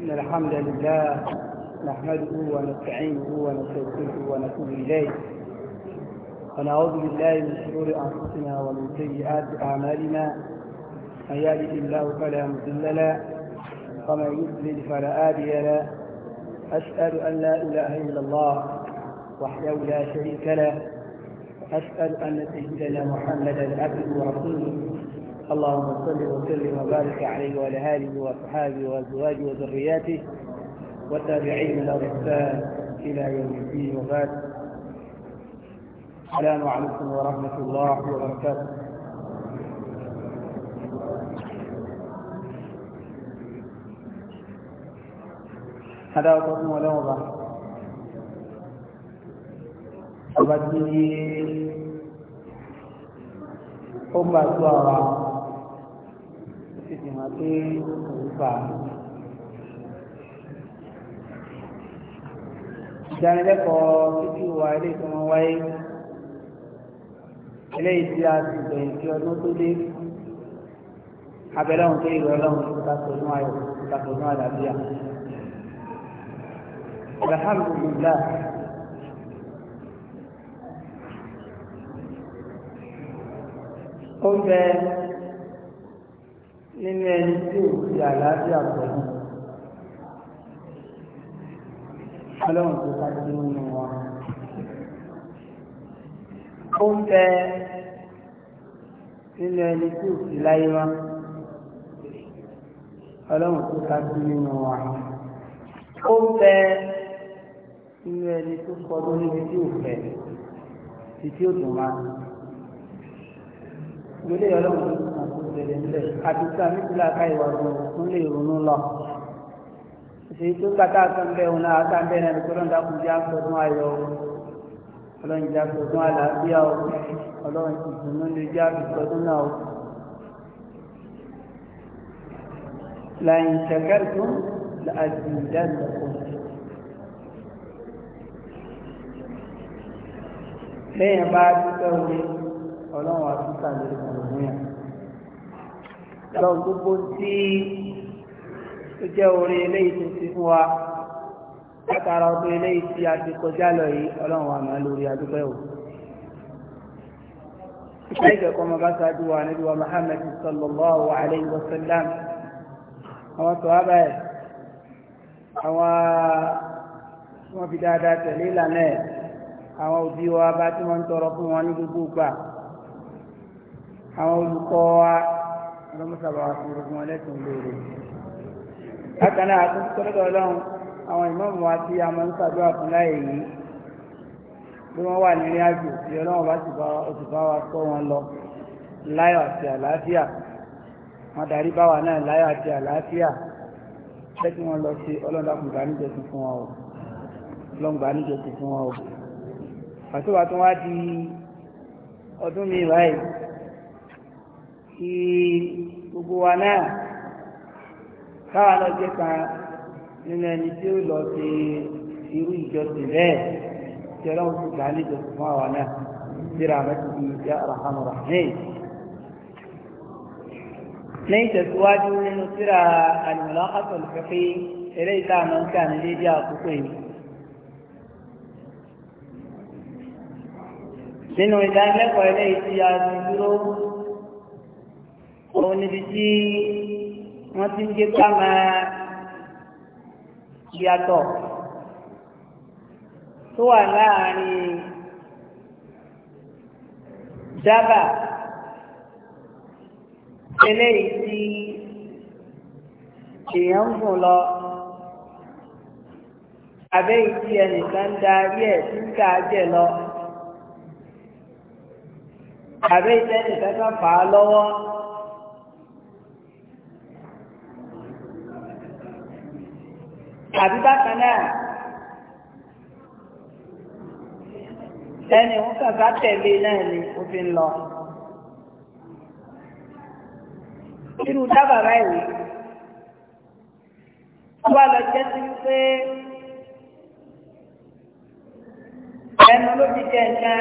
إن الحمد لله نحمده ونستعينه ونستغفره ونتوب إليه ونعوذ بالله من شرور أنفسنا ومن سيئات أعمالنا من يهده الله فلا مضل له ومن يضلل فلا هادي له أشهد أن لا إله إلا الله وحده لا شريك له أسأل أن تجدنا محمدا عبده ورسوله اللهم صل وسلم وبارك عليه وعلى آله وأصحابه وأزواجه وذرياته والتابعين له إحسان إلى يوم الدين وبعد السلام عليكم ورحمة الله وبركاته هذا وقت ولا وضع أبدي ó gbàdúrà wa ó sì ti mọ̀ pé òun gbà á. ìdánilẹ́kọ̀ọ́ títí wa ilé tó wọ́n wáyé eléyìí tí a ti bẹ̀rẹ̀ sí ọdún tó dé abẹ́lẹ́hùn tó ìwé ọlọ́run ìta tó ní ayọ̀ ìta tó ní àlàáfíà. alhamdulillah. ó bẹ nínú ẹni tí ò fi àlàáfíà pẹ̀lú ọlọ́run tó ká sí nínú wa ó bẹ nínú ẹni tí ò fi láyé wá ọlọ́run tó ká sí nínú wa ó bẹ nínú ẹni tó kọ lórí ibi tí ò fẹ́ títí ò dùn máa ìgbélé ọlọ́run ìṣẹ̀lẹ̀ ńlẹ̀ àti tí a ní ti láka ìwà ọ̀gbọ̀n fún lè ronú lọ. ìṣèyí tó gbàtà àtàǹbẹ̀ òun náà àtàǹbẹ̀ náà ní kọ́lọ́n dákun jẹ́ àfọ̀dún ayọ̀ ọlọ́run jẹ́ àfọ̀dún àlàáfíà ọlọ́run ìdùnnú lè jẹ́ àfọ̀dún náà. لئن شكرتم لأزيدنكم lẹ́yìn bá dúpẹ́ omi ọlọ́run àtúntà lè sọ̀rọ̀ mú yàn. lọ gbogbo tí ó jẹ́ orí eléyìí tó ti fún wa látara ọdún eléyìí tí a ti kọjá lọ yìí ọlọ́run àmà lórí adúpẹ́ o. ìfẹ́ ìjọ̀kọ́ ọmọ bá ṣáájú wa níbi wa Muhammad sallallahu alayhi wa sallam àwọn tó wá báyìí àwọn wọ́n fi dáadáa tẹ̀lé ìlànà ẹ̀ àwọn òbí wa bá tí wọ́n ń tọrọ fún wọn ní gbogbo ìgbà àwọn olùkọ́ wa ọlọ́mọsàbà wa fún a máa ń ṣàdúrà fún láyè yìí bí wọ́n wà nílé àjò tí ọlọ́run bá ti bá wa kọ́ wọn lọ láyọ̀ àti àlàáfíà wọn darí bá wa náà láyọ̀ àti àlàáfíà lẹ́tí wọn lọ sí ọlọ́dà kùn gbàníjẹ ti fún wọn o ọdún mi báyìí kí gbogbo wa náà káwa náà jẹ́ kan nínú ẹni tí ó lọ sí irú ìjọsìn bẹ́ẹ̀ tí ọlọ́run ti gbà ní ìjọsìn fún àwa náà síra mẹ́tìkì ìjà rahman rahim ní ìtẹ̀síwájú nínú síra àlùmọ́lá àtọ̀lù fẹ́fẹ́ eré ìta àmọ́ ń kà ní àkókò yìí nínú ìdánilẹ́kọ̀ọ́ eléyìí tí a ti dúró òun níbi tí wọ́n ti ń gé ká máa yàtọ̀ tó wà láàrin dábà eléyìí tí èèyàn ń gùn lọ àbẹ́yìí tí ẹnìkan ń darí ẹ̀ tí ń ká jẹ̀ lọ àbẹ́yìí tí ẹnìkan kan fà á lọ́wọ́. tàbí bákan náà ẹni òun kàkà tẹ̀lé náà ni ó fi ń lọ. irú dábàá báyìí wọ́n wá lọ jẹ́ sí pé ẹnu ló fi jẹ nǹkan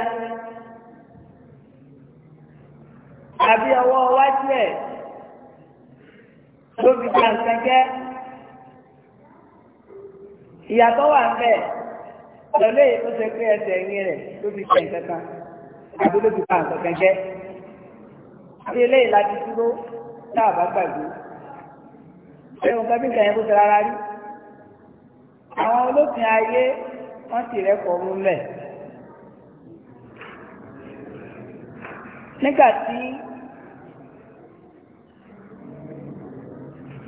àbí ọwọ́ wájú ẹ̀ ló fi jẹ nǹkan jẹ́ ìyàtọ̀ wà ń bẹ̀ lọ́lé yìí tó ṣe pé ẹsẹ̀ ẹ̀yìn rẹ̀ ló fi ṣe nǹkan àbí ló fi pa nǹkan kan jẹ́ àbí eléyìí láti dúró tá a bá gbàgbé ẹ̀rùn kan bí nǹkan yẹn kó ṣe rárá rí àwọn olófin ayé wọ́n ti rẹ́pọ̀ mú lẹ̀ nígbà tí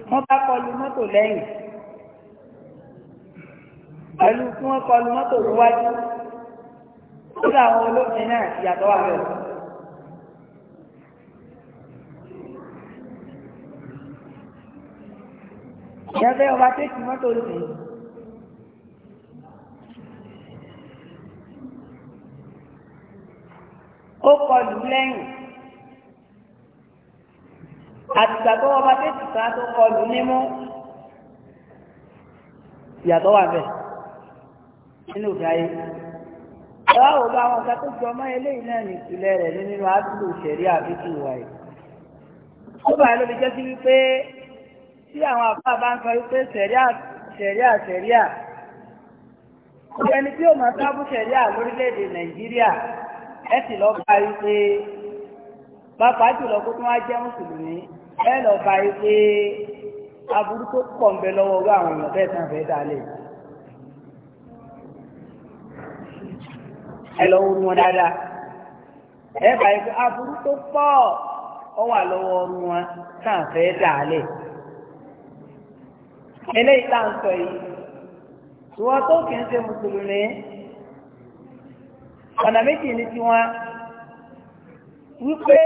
wọ́n bá kọlu mọ́tò lẹ́yìn pẹ̀lú kí wọ́n kọlu mọ́tò níwájú kódà àwọn olóògbé náà ìyàtọ̀ wà bẹ̀rẹ̀. ìyàtọ̀ ọba tẹ́kì mọ́tò sí. ó kọlu lẹ́yìn àtìgbà tó ọba tẹ́kì ká tó kọlu nímú ìyàtọ̀ wà bẹ̀rẹ̀ nínú ìdáyé ẹwà wò bá àwọn ọ̀gá tó jọ ọmọ eléyìí náà ní ìpìlẹ̀ rẹ̀ ní nínú àdúgbò ìṣẹ̀rí àbíkú ìwà yìí ó bàá lóbi jẹ́ sí wípé tí àwọn àbá bá ń sọ wípé ṣẹ̀ríà ṣẹ̀ríà ṣẹ̀ríà ẹni tí ó máa sábú ṣẹ̀ríà lórílẹ̀‐èdè nàìjíríà ẹ sì lọ bá wípé bàbá jùlọ kó tún wá jẹ́ mùsùlùmí ẹ lọ bá wípé aburú tó pọ̀ ń bẹ lọ́wọ́ ọgbà àwọn èèyàn bẹ́ẹ̀ tán fẹ́ dálé yìí. ẹ lọ wọnú wọn dáadáa ẹ báyìí ah, tó pọ̀ ọ wà lọ́wọ́ wọn tá à ń fẹ́ eléyìí tá à ń yìí ìwọ tó kì í ṣe mùsùlùmí ọ̀nà méjì ni tiwọn wípé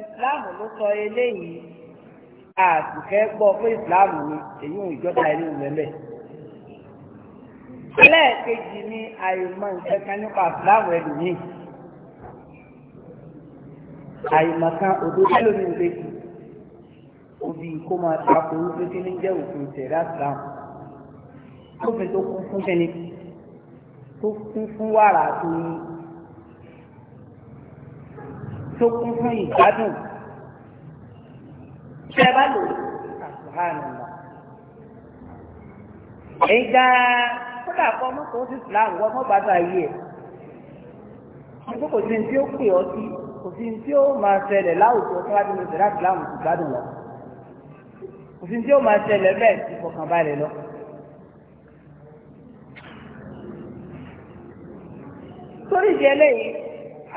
ìsìláàmù ló sọ eléyìí gbọ́ pé ìsìláàmù ẹlẹ́ẹ̀kejì ni àìmọ̀ nǹkan kan nípa àfúláwọ̀ ẹlòmíì àìmọ̀ kan òdo tẹ́lómi ìgbèjì òbí kó máa takò wípé kí ní jẹ́ òfin ìtẹ̀rẹ́ àtìláwọ̀ lófin tó kún fún kíni tó kún fún wàrà tó ní tó kún fún ìgbádùn tẹ́ bá lò àtúhàn nà. Ẹ̀gá kódà kọ́ mọ́tò sí islam wọ́n mọ́ gbàgbà ayé ẹ̀ àti kò sí ní tí ó pè ọ́ sí kò sí ní tí ó máa ṣẹlẹ̀ láwùjọ tó wá nínú ìṣẹ̀lá islam kò gbádùn lọ kò sí ní tí ó máa ṣẹlẹ̀ bẹ́ẹ̀ ti fọkànbalẹ̀ lọ. torí ìdí eléyìí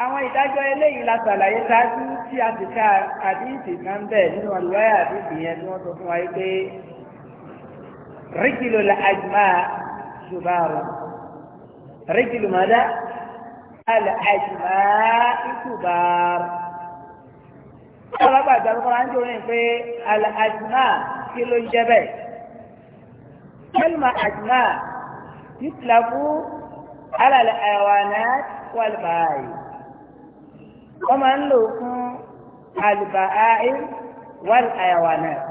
àwọn ìdájọ́ eléyìí la ṣàlàyé ṣáájú tí a sì ká àdíìsì kan bẹ́ẹ̀ nínú àlùwáyà àdíìsì yẹn tí wọ́n sọ fún wa yìí pé ríkìlò la جبار رجل ماذا الأجماء جبار طلب هذا القرآن يقولون في الأجماء كيلو جبل كلمة أجماء يطلق على الحيوانات والبهائم ومن لكم البهائم والحيوانات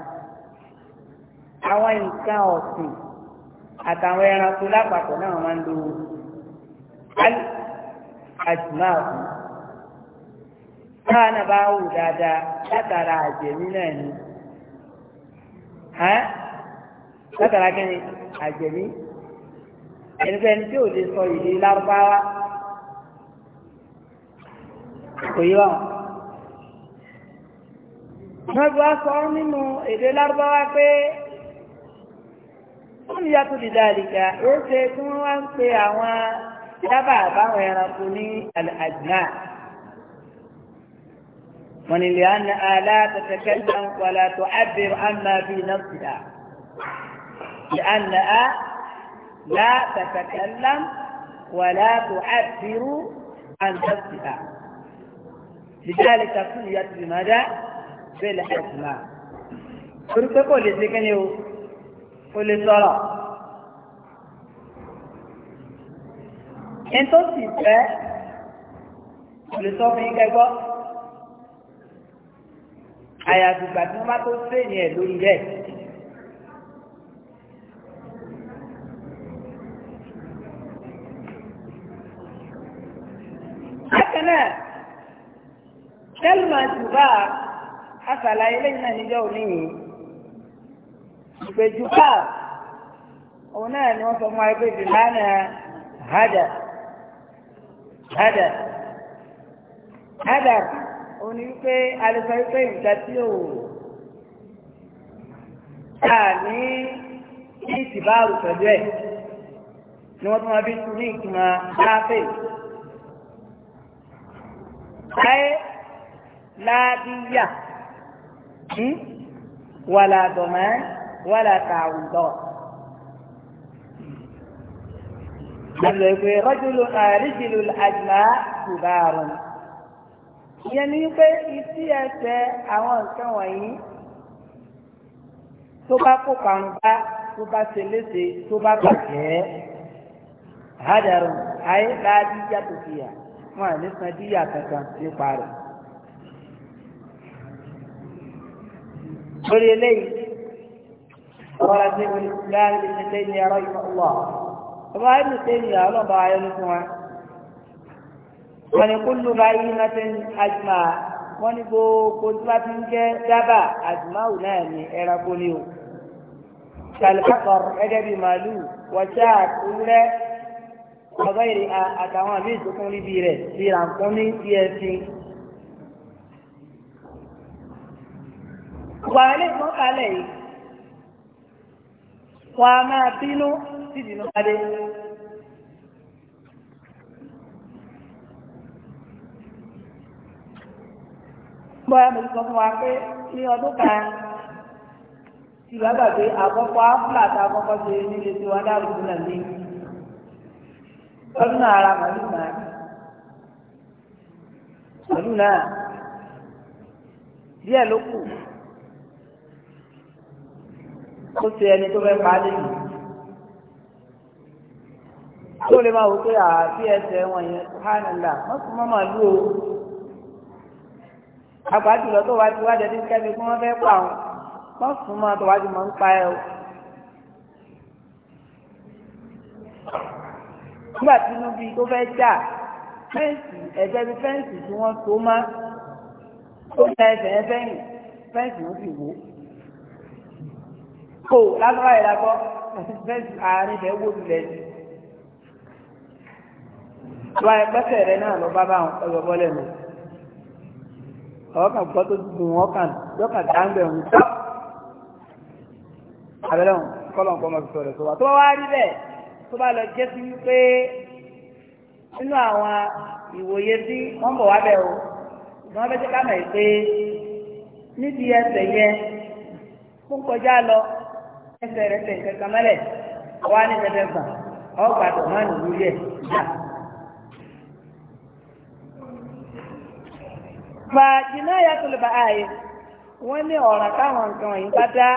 àwọn nǹkan ọ̀sìn àtàwọn ẹranko lápapọ̀ náà wọ́n máa ń lo àjùmáàkù táwọn náà bá wù dáadáa látara àjẹmí náà ni látara kí ni àjẹmí ẹnikẹ́ni tí ò lè sọ ìdí lárúbáwá kò yí wọn. wọ́n bí sọ nínú èdè lárúbáwá pé wọ́n ní yàtọ̀ dídá àdìgá ó ṣe tí wọ́n wá ń pe àwọn dábàá àbáwọn ẹranko ní àdìgá wọ́n ní lẹ́yìn àlá tẹ̀tẹ̀kẹ́ ìdáǹkọ́lá tó ábẹ̀rẹ̀ àmà bí nàfìdá lẹ́yìn لا تتكلم ولا تعبر عن نفسها لذلك سميت بماذا؟ بالحكمة. قلت لك ليس كان يقول ó lè sọ̀rọ̀ ní tó sì fẹ́ kò lè sọ fún yín kẹgbọ́ àyàgbùgbà tí wọ́n bá tó sèyìn ẹ̀ lórí rẹ̀ bákanáà kẹlùmọ̀ ṣùgbọ́n àṣàlàyé lẹ́yìn náà níjọ́ òní yìí ìpéjú káà òun náà ni wọ́n sọ fún wa pé bìmánà hádà hádà hádà òun ni wípé alùpàá wípé nǹkan tí ò ká ní ìtìbáàrù pẹ̀lú ẹ̀ ni wọ́n tún wá bí tún ní ìtumọ̀ láàfẹ́. Láyé láàbíyà hmm, wà làdọ̀mọ́ wàlà tààwùdọ̀. Àlọ́ ìpè rọ́júlù àríjìlù àjùmá kùbàrùn. Ìyẹn ni wípé ìsí ẹsẹ̀ àwọn nǹkan wọ̀nyí tó bá kó parun bá tó bá ṣe léṣe tó bá bàjẹ́. Àádàrún ayé láàbí yàtọ̀ fìyà wọn à díyà kankan nípa rẹ̀. Lórí eléyìí. قال شيخ الاسلام ابن تيميه رحمه الله طبعا ابن تيميه الله بعينكم wọn ni kúlù bá yí mẹsìn àjùmá wọn ni gbogbo tí wọn ti ń jẹ dábà àjùmá wù náà ní ẹranko ni o ṣàlùbákọr ẹgẹ bíi màálù wọṣẹ àkúrẹ ọgọ ìrì àtàwọn àmì ìdókòwò níbi rẹ ti ràǹkún ní efcc. wàhálà ìmọ̀kálẹ̀ yìí wọ́n á máa bínú sí ìdìnnú adé. bọ́yá mo ti sọ fún wa pé ní ọdún kan tí bàbá pé àkọ́kọ́ áfúlà tá a kọ́kọ́ ṣe nílé tí wọ́n dárò sí náà ní ọdún náà ara màálù náà màálù náà díẹ̀ ló kù ó ṣe ẹni tó fẹ́ pa á lè yìí tó lè máa wò pé àbí ẹsẹ̀ wọn yẹn hánàlá wọ́n fún mọ́mọ́ lú o àgbàjùlọ tó wá ti wá jẹ́dí kẹ́mi kí wọ́n fẹ́ pa wọn wọ́n fún mọ́ tó wá ju mọ́ ń pa ẹ o. nígbà tí inú bíi tó fẹ́ jà fẹ́ǹsì ẹ̀jẹ̀ bíi fẹ́ǹsì tí wọ́n so má tó ń ta ẹsẹ̀ ẹ fẹ́ǹsì ló sì wò ó kò lásán yìí lágbọ́ fẹ́ǹsì àárín rẹ̀ wó lulẹ̀ ni. wá ẹgbẹ́sẹ̀ rẹ náà lọ bá bá àwọn ọyọ bọ́lẹ̀ nù. ọkàn gbọ́ tó dùn ọkàn lọ́kàn dáńgbẹ̀ ń tọ́. abẹ́rẹ́ wọn kọ́lọ̀ ń pọ́ ọmọ ìfọ̀rẹ̀ tó wà. tó wá rí bẹ́ẹ̀ tó bá lọ jẹ́ sí wípé nínú àwọn ìwòye sí wọ́n bọ̀ wá bẹ̀ o ìgbọ́n bẹ́ẹ̀ tó ká mọ̀ pé níbi ẹsẹ̀ yẹn fún kọjá lọ ẹsẹ̀ rẹ̀ tẹ̀ kẹ̀kẹ́ mẹ́lẹ̀ wá ní mẹ́tẹ̀ẹ̀fà ọgbà tó máa ń lórí ẹ̀ dà. fa jìnnà yàtọ̀ lè ba ààyè wọ́n ní ọ̀ràn táwọn nǹkan yìí bá dá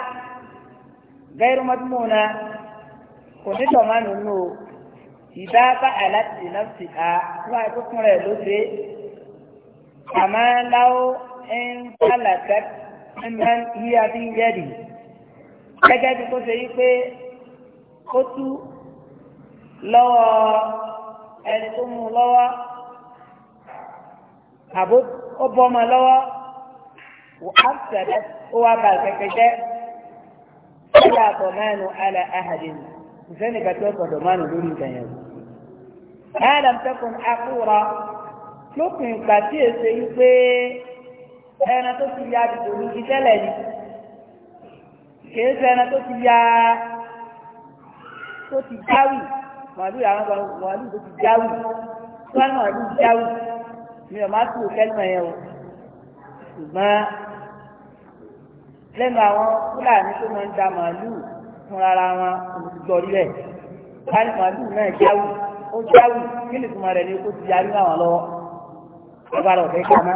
gẹ́rù mọ́tìmọ́nà kò ní tọ̀ máa nínú o ìdá bá àláti náfsì ká wọ́n àìkúkún rẹ̀ ló ṣe àmọ́ láwọ́ ń kálàkà ń bá yíyá bí yẹ́rìí gẹ́gẹ́ bí kò ṣe yí pé ó tú lọ́wọ́ ẹni tó mú lọ́wọ́ àbó ó bọ́ ọmọ lọ́wọ́ àbùsàdẹ́ ó wá ba kẹ̀kẹ́ jẹ́ ọ̀dà àbọ̀mánu àlà àhàdìn ìfẹ́ni kàtó ọ̀dọ̀ mánu lórí ìtàyẹ̀wò. Máa làmtẹ́kùn akúra lópin ìgbà tí èsè yí pé ẹran tó ti yá àdìgbò ní ìtẹ́lẹ̀ yìí kìí ṣe ẹran tó ti ya tó ti jáwì màálù àwọn kan màálù tó ti jáwì wọn màálù jáwì mi ò má tù kẹ́lìmọ̀ yẹn o ṣùgbọ́n lẹ́nu àwọn fúlàní tó máa ń da màálù fúnra wọn olùdíjọ rílẹ̀ wọn màálù náà jáwì ó jáwì kí ni ìtumọ̀ rẹ̀ ni kó ti yarí àwọn lọ́wọ́ ọba rẹ̀ ọ̀fẹ́ kàmá.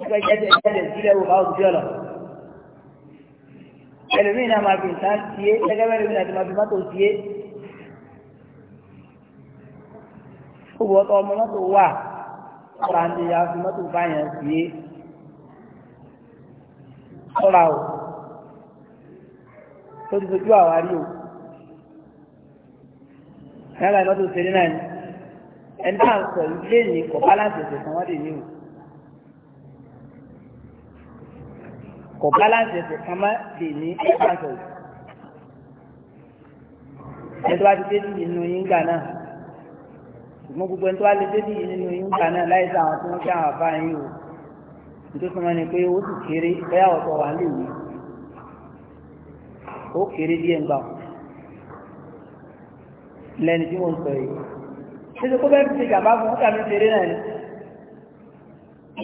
nípa jẹ́jẹ́ jẹ́jẹ́ sílẹ̀ wò bá òjò lọ. ẹlòmíì náà máa fi nǹkan tié gẹ́gẹ́ bẹ́ẹ̀ lómìnira ti máa fi mọ́tò tié. gbogbo ọ̀tọ̀ ọmọ mọ́tò wà ọ̀rọ̀ àti ìyá fi mọ́tò báyàn tié. ọ̀rọ̀ àwọ̀ tó ti fojú àwárí o. yálà mọ́tò ṣeré náà ni ẹni náà sọ ilé ní kọ̀ báláǹsì ìṣẹ̀kan wọ́n dè ní kò balance ẹsẹ̀ kan má lè ní ẹ̀kánṣọ̀ ẹni tó bá ti dédì nínú yín gbà náà ṣùgbọ́n gbogbo ẹni tó bá lè dédì nínú yín gbà náà láì sí àwọn tí wọ́n fi àwọn àbá yín o nítorí sọmọ ni pé ó sì kéré bẹ́ẹ̀ ọ̀tọ̀ wà lè wí ó kéré díẹ̀ gbà lẹ́ni tí mo ń sọ yìí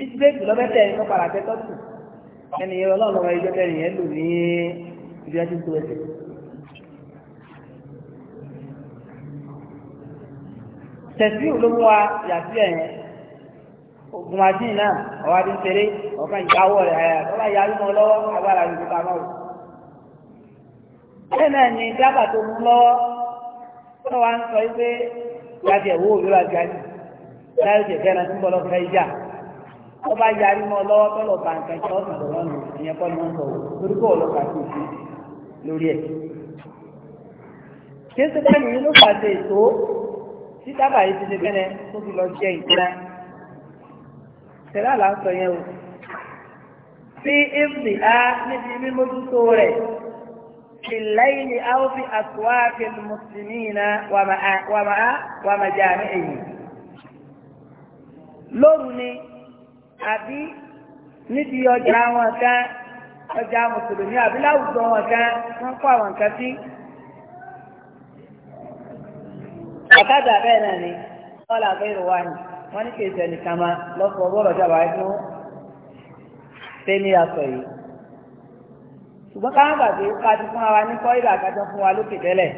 ṣíṣe ẹni ọlọ́run ọmọ ẹjọ́ kẹrin yẹn lò ní ibi ẹjọ́ tó ẹsẹ̀. tẹ̀sí olówó wa yàtí ẹ̀yẹn ogun machine náà ọwọ́ adé ń tẹ̀lé ọ̀kan ìyáwó rẹ̀ ẹ̀ ọba ìyáwó mọ́ lọ́wọ́ mọ́ ni dábàá tó mú lọ́wọ́ tó wá ń sọ pé yàtí ẹ̀wọ́ òwúrọ̀ àti àjù láyé náà wọ́n bá yarí mọ́ lọ́wọ́ tọ́lọ̀ bá nǹkan tí wọ́n sọ̀rọ̀ lọ́nà ìyẹn kọ́ ni wọ́n sọ̀rọ̀ lórí kó ọlọ́pàá ti fi lórí ẹ̀. kí ẹsẹ̀ bá nìyí ló pàṣẹ ètò tí dábà yìí ti ṣe fẹ́rẹ̀ tó fi lọ jẹ ìtura tẹ̀lá là ń sọ yẹn o. fi ìfì á níbi mímójútó rẹ̀ fi lẹ́yìn ni a ó fi àtúwá fi mùsùlùmí na wàmà wàmà wàmà jà ní èyí. lóru ni àbí níbi ọjà wọn kan ọjà mùsùlùmí àbí láwùjọ wọn kan wọ́n kó àwọn nǹkan sí. àkàdà bẹ́ẹ̀ náà ni ọ̀là àbẹ́rù wa ni wọ́n ní kí èsì ẹnìkan máa lọ́sọ̀ ọgbọ́rọ̀ jábà fún tẹ́lẹ̀ àsọ yìí. ṣùgbọ́n káwọn gbàgbé kájú fún wa ní kọ́ìlà àkájọ fún wa lókè tẹ́lẹ̀.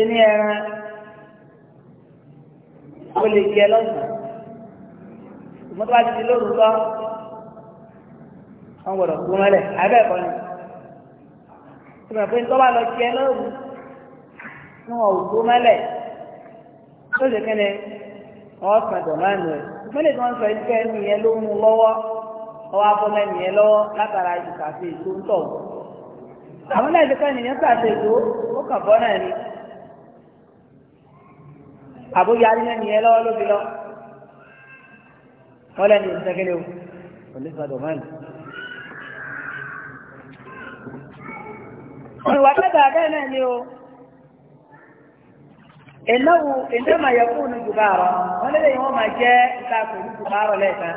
ó ní ẹran ó lè jẹ lọ́sàn-án. ṣùgbọ́n tó bá ti di lóru tọ́ wọ́n gbọ́dọ̀ kú mọ́lẹ̀ abẹ́ ẹ̀kọ́ ni ìgbà pé bá lọ lóru wọn ò kú tó lè kẹ́ni sàn dọ̀ máa nù ẹ̀ tí wọ́n sọ ló mú lọ́wọ́ ọwọ́ lọ́wọ́ látara àwọn náà ti ètò ó kàn bọ́ náà ni ní lọ́wọ́ ló fi lọ́wọ́. wọ́n lẹ́nu ìṣẹ́kẹ́lẹ́ o kò ní sọ́dọ̀ máa ń. ìwà kẹta bẹ́ẹ̀ náà ni o ìnáwó ìnáwó yẹ kó nu jùlọ àrọ wọn lè yìí wọn máa jẹ nǹkan kò ní jùlọ àrọ lẹ́ẹ̀kan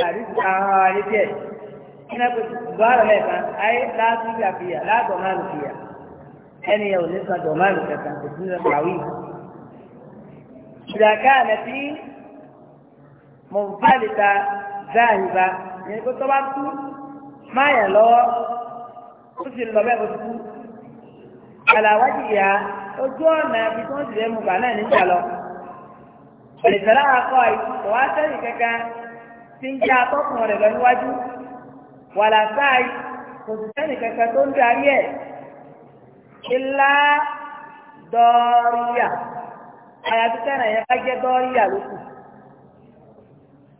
tàbí àwọn àrẹ díẹ̀ iná kò jùlọ mọ̀nfàlìta záàhìbá yẹn kó tó bá tú máa yàn lọ́wọ́ ó sì lọ bẹ́ẹ̀ kó tó kú àlàwájì yá ojú ọ̀nà ibi tí wọ́n ti lè mú bà náà níjà lọ. Ìṣẹ̀lá akọ ìkọ̀ wá sẹ́yìn kankan tí ń jẹ́ atọ́kùn rẹ̀ lọ níwájú. Wàlà sáàyì kò sì sẹ́yìn kankan tó ń darí ẹ̀. Ilá dọ́ríyà. Àyàfi sẹ́yìn yẹn bá jẹ́ dọ́ríyà lókù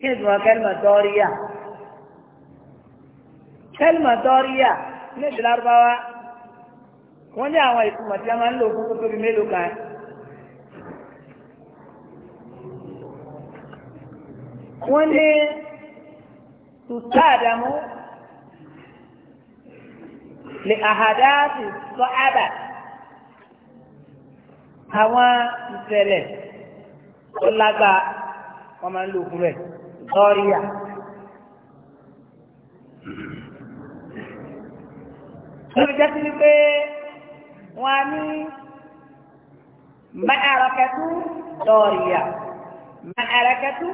kí ni tuma kẹlima dọọriya kẹlima dọọriya ní ìdílárúbáwá wọ́n ní àwọn ìtumọ̀ tí a máa ń lò fún kótó bí mélòó kan. wọ́n ní tùtàdàmú lè àhàdáàtì sọ àbà àwọn ìṣẹ̀lẹ̀ tó lágbàá wọ́n máa ń lò fún rẹ̀ kọ́ríyà. wọ́n fi jásí wípé wọ́n á ní ma'arakatu dọ́ríyà ma'arakatu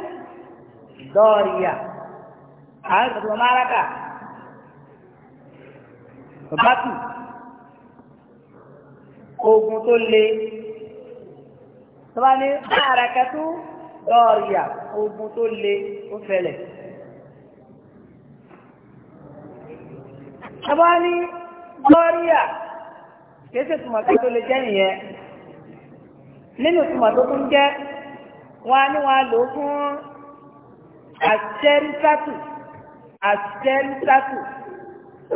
dọ́ríyà àwọn ìtọ́jú wọn máraka bàtù ogun tó le tó bá ní ma'arakatu dọ́ríyà dọ́ọ̀rìyà ogun tó le ó fẹlẹ̀. Àbá ní dọ́ọ̀rìyà kéèsè tùmọ̀tò tó lè jẹ́ nìyẹn. Nínú tùmọ̀tò tó ń jẹ́, wọ́n á ní wọ́n á lò fún àṣẹ́rísátù. Àṣẹ́rísátù.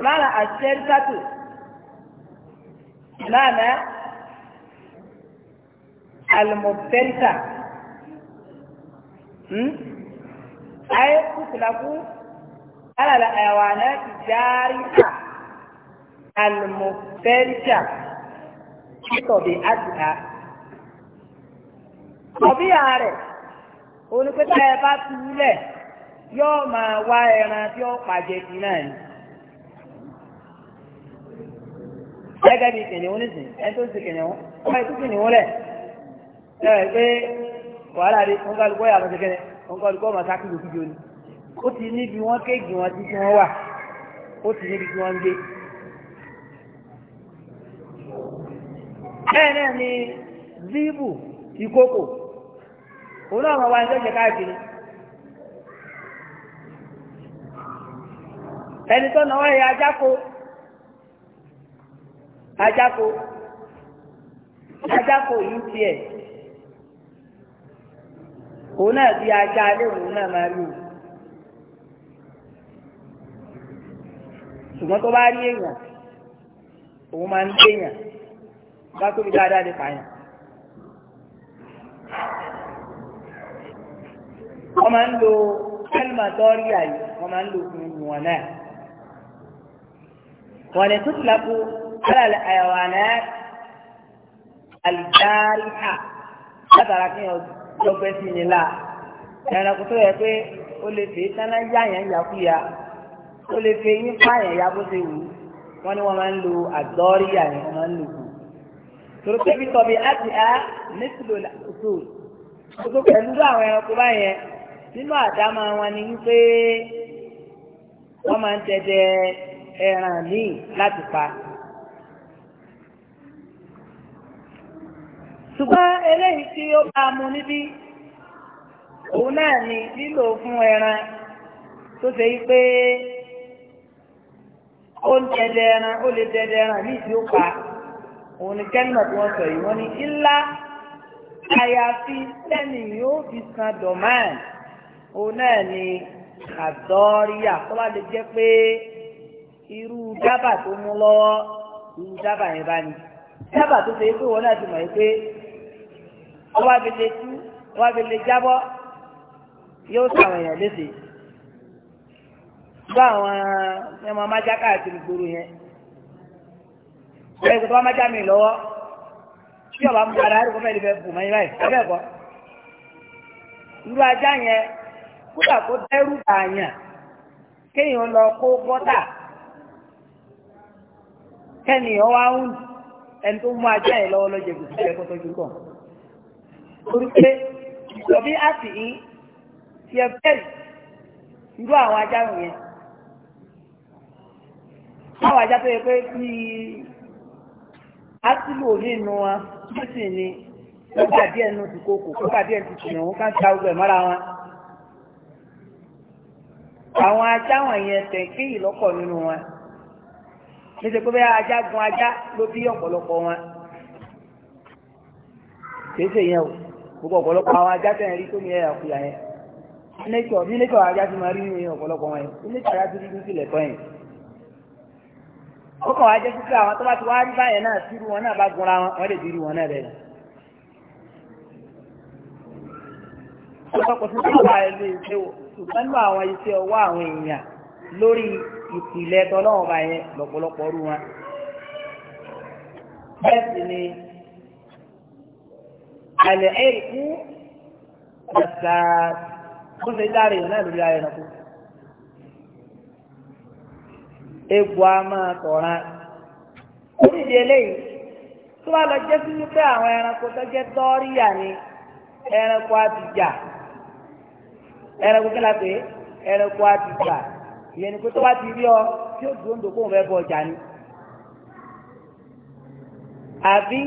Lára àṣẹ́rísátù. Lára àlùmọ̀fẹ́rísà. أي تطلق على الحيوانات الجارحة المفترسة بطبيعتها طبيعة rẹ̀ olùkọ́tà ẹ̀ bá túlẹ̀ yóò máa wá ẹran tí ó pàjẹ́ sí náà ni. gẹ́gẹ́ bí kìnìún nìsín ẹ̀ tó ń sin kìnìún ọmọ ẹ̀ tó kìnìún lẹ̀ ẹ̀ pé wàhálà rẹ̀ wọ́n kọ́ alùpùpọ̀ yàtọ̀ kẹ́kẹ́rẹ́ wọ́n kọ́ alùpùpọ̀ màá sákìlù kújọ ni ó ti níbi wọn kéèkì wọn títí wọn wà ó ti níbi tí wọ́n ń gbé. bẹ́ẹ̀ náà ni zibu ìkókò òun náà máa wá ẹjọ́ jẹ káàkiri. ẹni tó náwó ẹ̀yà ajáko ajáko ajáko yìí tiẹ̀ òun náà bí ajá alẹ́ òun náà máa rí òun. ṣùgbọ́n tó bá rí èèyàn òun máa ń gbé èèyàn bá tóbi dáadáa lè pààyàn. wọ́n máa ń lo kẹ́lìmà tọ́rí àyè wọ́n máa ń lo fún wọn náà. wọ́n lè tún tilapò alàlẹ́ àyàwó àná àlìjáríkà látara kí wọ́n dùn lọ́gbẹ́ sí ni la ẹranko tó yẹ pé o lè fèé tánná yáyàn yakuya o lè fèé yín pààyàn ya bó ṣe wù ú wọ́n ní wọ́n máa ń lo àdọ́rí àyàn wọ́n máa ń lò kù. torí pé bí tọ́bi láti á nísìlò òtò òtò pẹ̀lú àwọn ẹranko báyẹn nínú àdámọ́ wọn ni wípé wọ́n máa ń tẹ̀dẹ̀ ẹran míì láti pa. ṣùgbọ́n eléyìí tí ó bá mu níbí òun náà ni lílò fún ẹran tó ṣe yí pé ó ń dẹdẹ ẹran ó lè dẹdẹ ẹran ní ìdí ó pa òun ni kẹ́mínà tí wọ́n sọ yìí wọ́n ní ńlá àyàfi lẹ́nu yóò fi san dọ̀mán òun náà ni àdọ́ríyà tó bá lè jẹ́ pé irú dábà tó mú lọ́wọ́ irú dábà yẹn bá ní dábà tó ṣe é pé wọ́n náà mọ̀ yìí pé wọ́n wá bẹ̀lẹ̀ tú wọ́n wá bẹ̀lẹ̀ jábọ́ yóò sàwọn èèyàn léṣe gbọ́ àwọn ẹmọ amájá káàkiri gbòòrò yẹn ẹ̀rọ tó wá májá mi lọ́wọ́ tí ọba mú ara ẹ̀rọ fẹ́ẹ́ lè fẹ́ bù mọ́ yín báyìí ẹ̀fẹ́ kọ́ irú ajá yẹn kódà kó dẹ́rù bàyàn kéèyàn lọ kó bọ́tà kẹ́niyàn wá ń ẹni tó mú ajá yẹn lọ́wọ́ lọ́jẹ̀ kò sí ẹ̀kọ́ tọ́jú kàn. torí pé a àti yìí ti ẹ bẹ́ẹ̀ irú àwọn ajá wọ̀nyẹn àwọn ajá tó yẹ pé bí òní inú wa tó sì ní kókà díẹ̀ nù ti kókò kókà díẹ̀ ti tìyàn wọn ká ń ta ọgbẹ̀ mọ́ra wọn. àwọn ajá wọ̀nyẹn tẹ̀kí ìlọ́kọ̀ nínú wọn níṣẹ́ pé bẹ́ẹ̀ ajá gun ajá ló bí ọ̀pọ̀lọpọ̀ gbogbo ọ̀pọ̀lọpọ̀ àwọn ajá tẹ̀ ń rí tó ní ẹ̀yà ọ̀kúyà yẹn nílẹ̀kọ̀ nílẹ̀kọ̀ ajá ti máa rí ní ọ̀pọ̀lọpọ̀ wọn yẹn nílẹ̀kọ̀ ajá ti rí ní sílẹ̀ tọ́ yẹn. ó kàn wá jẹ́ sísè àwọn tó bá ti wá rí báyẹn náà sírú wọn náà bá gunra wọn wọ́n lè dirí wọn náà bẹ́ẹ̀. ọ̀pọ̀lọpọ̀ tuntun wà lè ṣe ṣùgbọ́n nínú àwọn iṣẹ́ ọwọ́ àwọn èèyàn àlẹ́ẹ̀kú ẹ̀sà ó ṣe náà lórí ara ẹ̀nàkú egbò a máa tọ̀ran onídìí eléyìí tó bá lọ jẹ́ sí wípé àwọn ẹranko tó jẹ́ tọ́ríyà ni ẹranko àtìjà ẹranko kí la pè é ẹranko àtìjà ìyẹn tó bá ti rí ọ tí ó dúró ń dòkó òun fẹ́ ọjà ni àbí.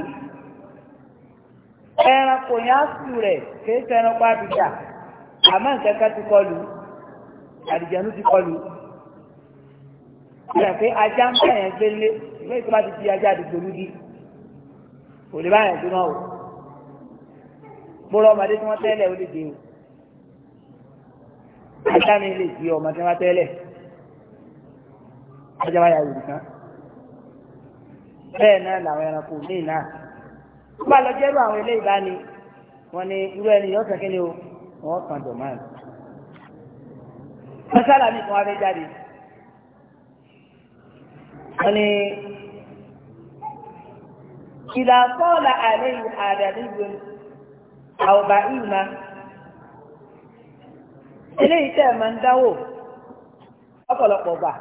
ẹranko yẹn asù rẹ̀ kìí sẹ́ran pa àbíjà àmọ́ nǹkan kan ti kọlù àdìjànú ti kọlù ìyà pé ajá ń bá yẹn gbélé ìwé ìtura ti di ajá àdìgbò lùdí kò lè bá yẹn gbóná o gbólọ ọmọdé tí wọ́n tẹ́lẹ̀ ó lè dé o ajá mi lè di ọmọ tí wọ́n tẹ́lẹ̀ ajá wa yà wò nìkan bẹ́ẹ̀ náà làwọn ẹranko míì náà tó bá lọ jẹ́rú àwọn ilé ìbáni wọn ni irú ẹni yóò sọ kíni o wọn kàn dùn máa. mọ́sálà mi kan wá fẹ́ jáde wọn ni ìlà sọ́ọ̀là àlẹ́ àdàlú ìgbò àwòbá ìmá eléyìí tẹ́ ẹ̀ máa ń dáwò ọ̀pọ̀lọpọ̀ gbà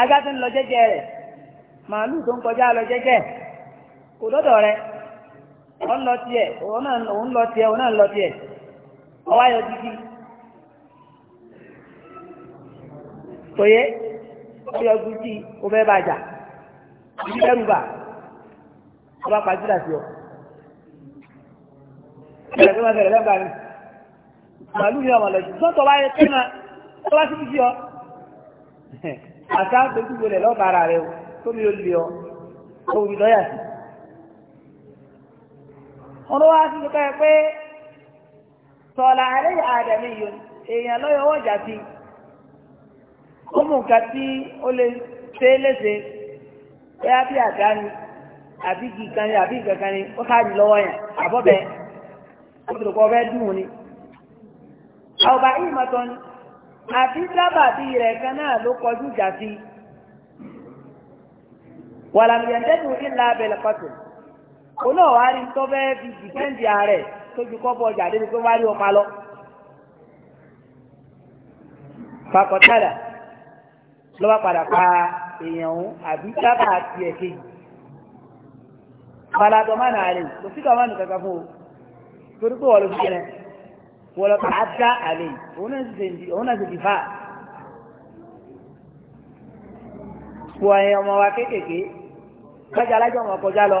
agá tó ń lọ jẹ́jẹ́ rẹ̀ màálù tó ń kọjá lọ jẹ́jẹ́ rẹ̀. kò dọ́dọ̀ rẹ òun lọ tiẹ̀ òun lọ tiẹ̀ òun náà lọ tiẹ̀ ọwọ́ gidi tòye ọyọ gidi òfẹ́ bàjá ọba sí ọ ẹ̀rẹ̀ tó máa bẹ̀rẹ̀ lẹ́gbàá mi màálù ọmọ lọ́jọ́ sí ọ o tó mi ò lè ọ tó mi sí. onuwa ló wá sí ibi káyọ pé sọ̀là àlẹ́ àdàmì yìí èèyàn lọ́yọ̀ ọwọ́ ìjà sí ó mú nǹkan tí ó lè ṣe é léṣe bóyá bí àdá ni àbí igi kan ni àbí nǹkan kan ni ó káàdì lọ́wọ́ yẹn àbọ̀bẹ ó ti rò bẹ́ẹ̀ dùn ni. àwòbá yìí mọ̀ tán ni àbí sábàbí rẹ̀ kan náà ló kọjú ìjà sí wàlàmìyàn tẹ́tù ńlá òun náà wá rí tó fẹ́ẹ́ fi dìfẹ́ǹdì ààrẹ tó fi kọ́bọ̀ ọjà débi pé wá rí ọpa lọ. fakọ̀tàdà ló bá padà pa èèyàn òun àbí sábà àti ẹ̀kejì. faladọ máa nà àlè kò sí kàwọn nìkan kan fún o torí pé wọ́n ló fi kẹrẹ wọ́n lọ kàá dá àlè òun náà sì dìfà. wọ́n ẹ̀yàn ọmọ wa kéékèèké lọ́jà alájọ́ ọmọ kọjá lọ.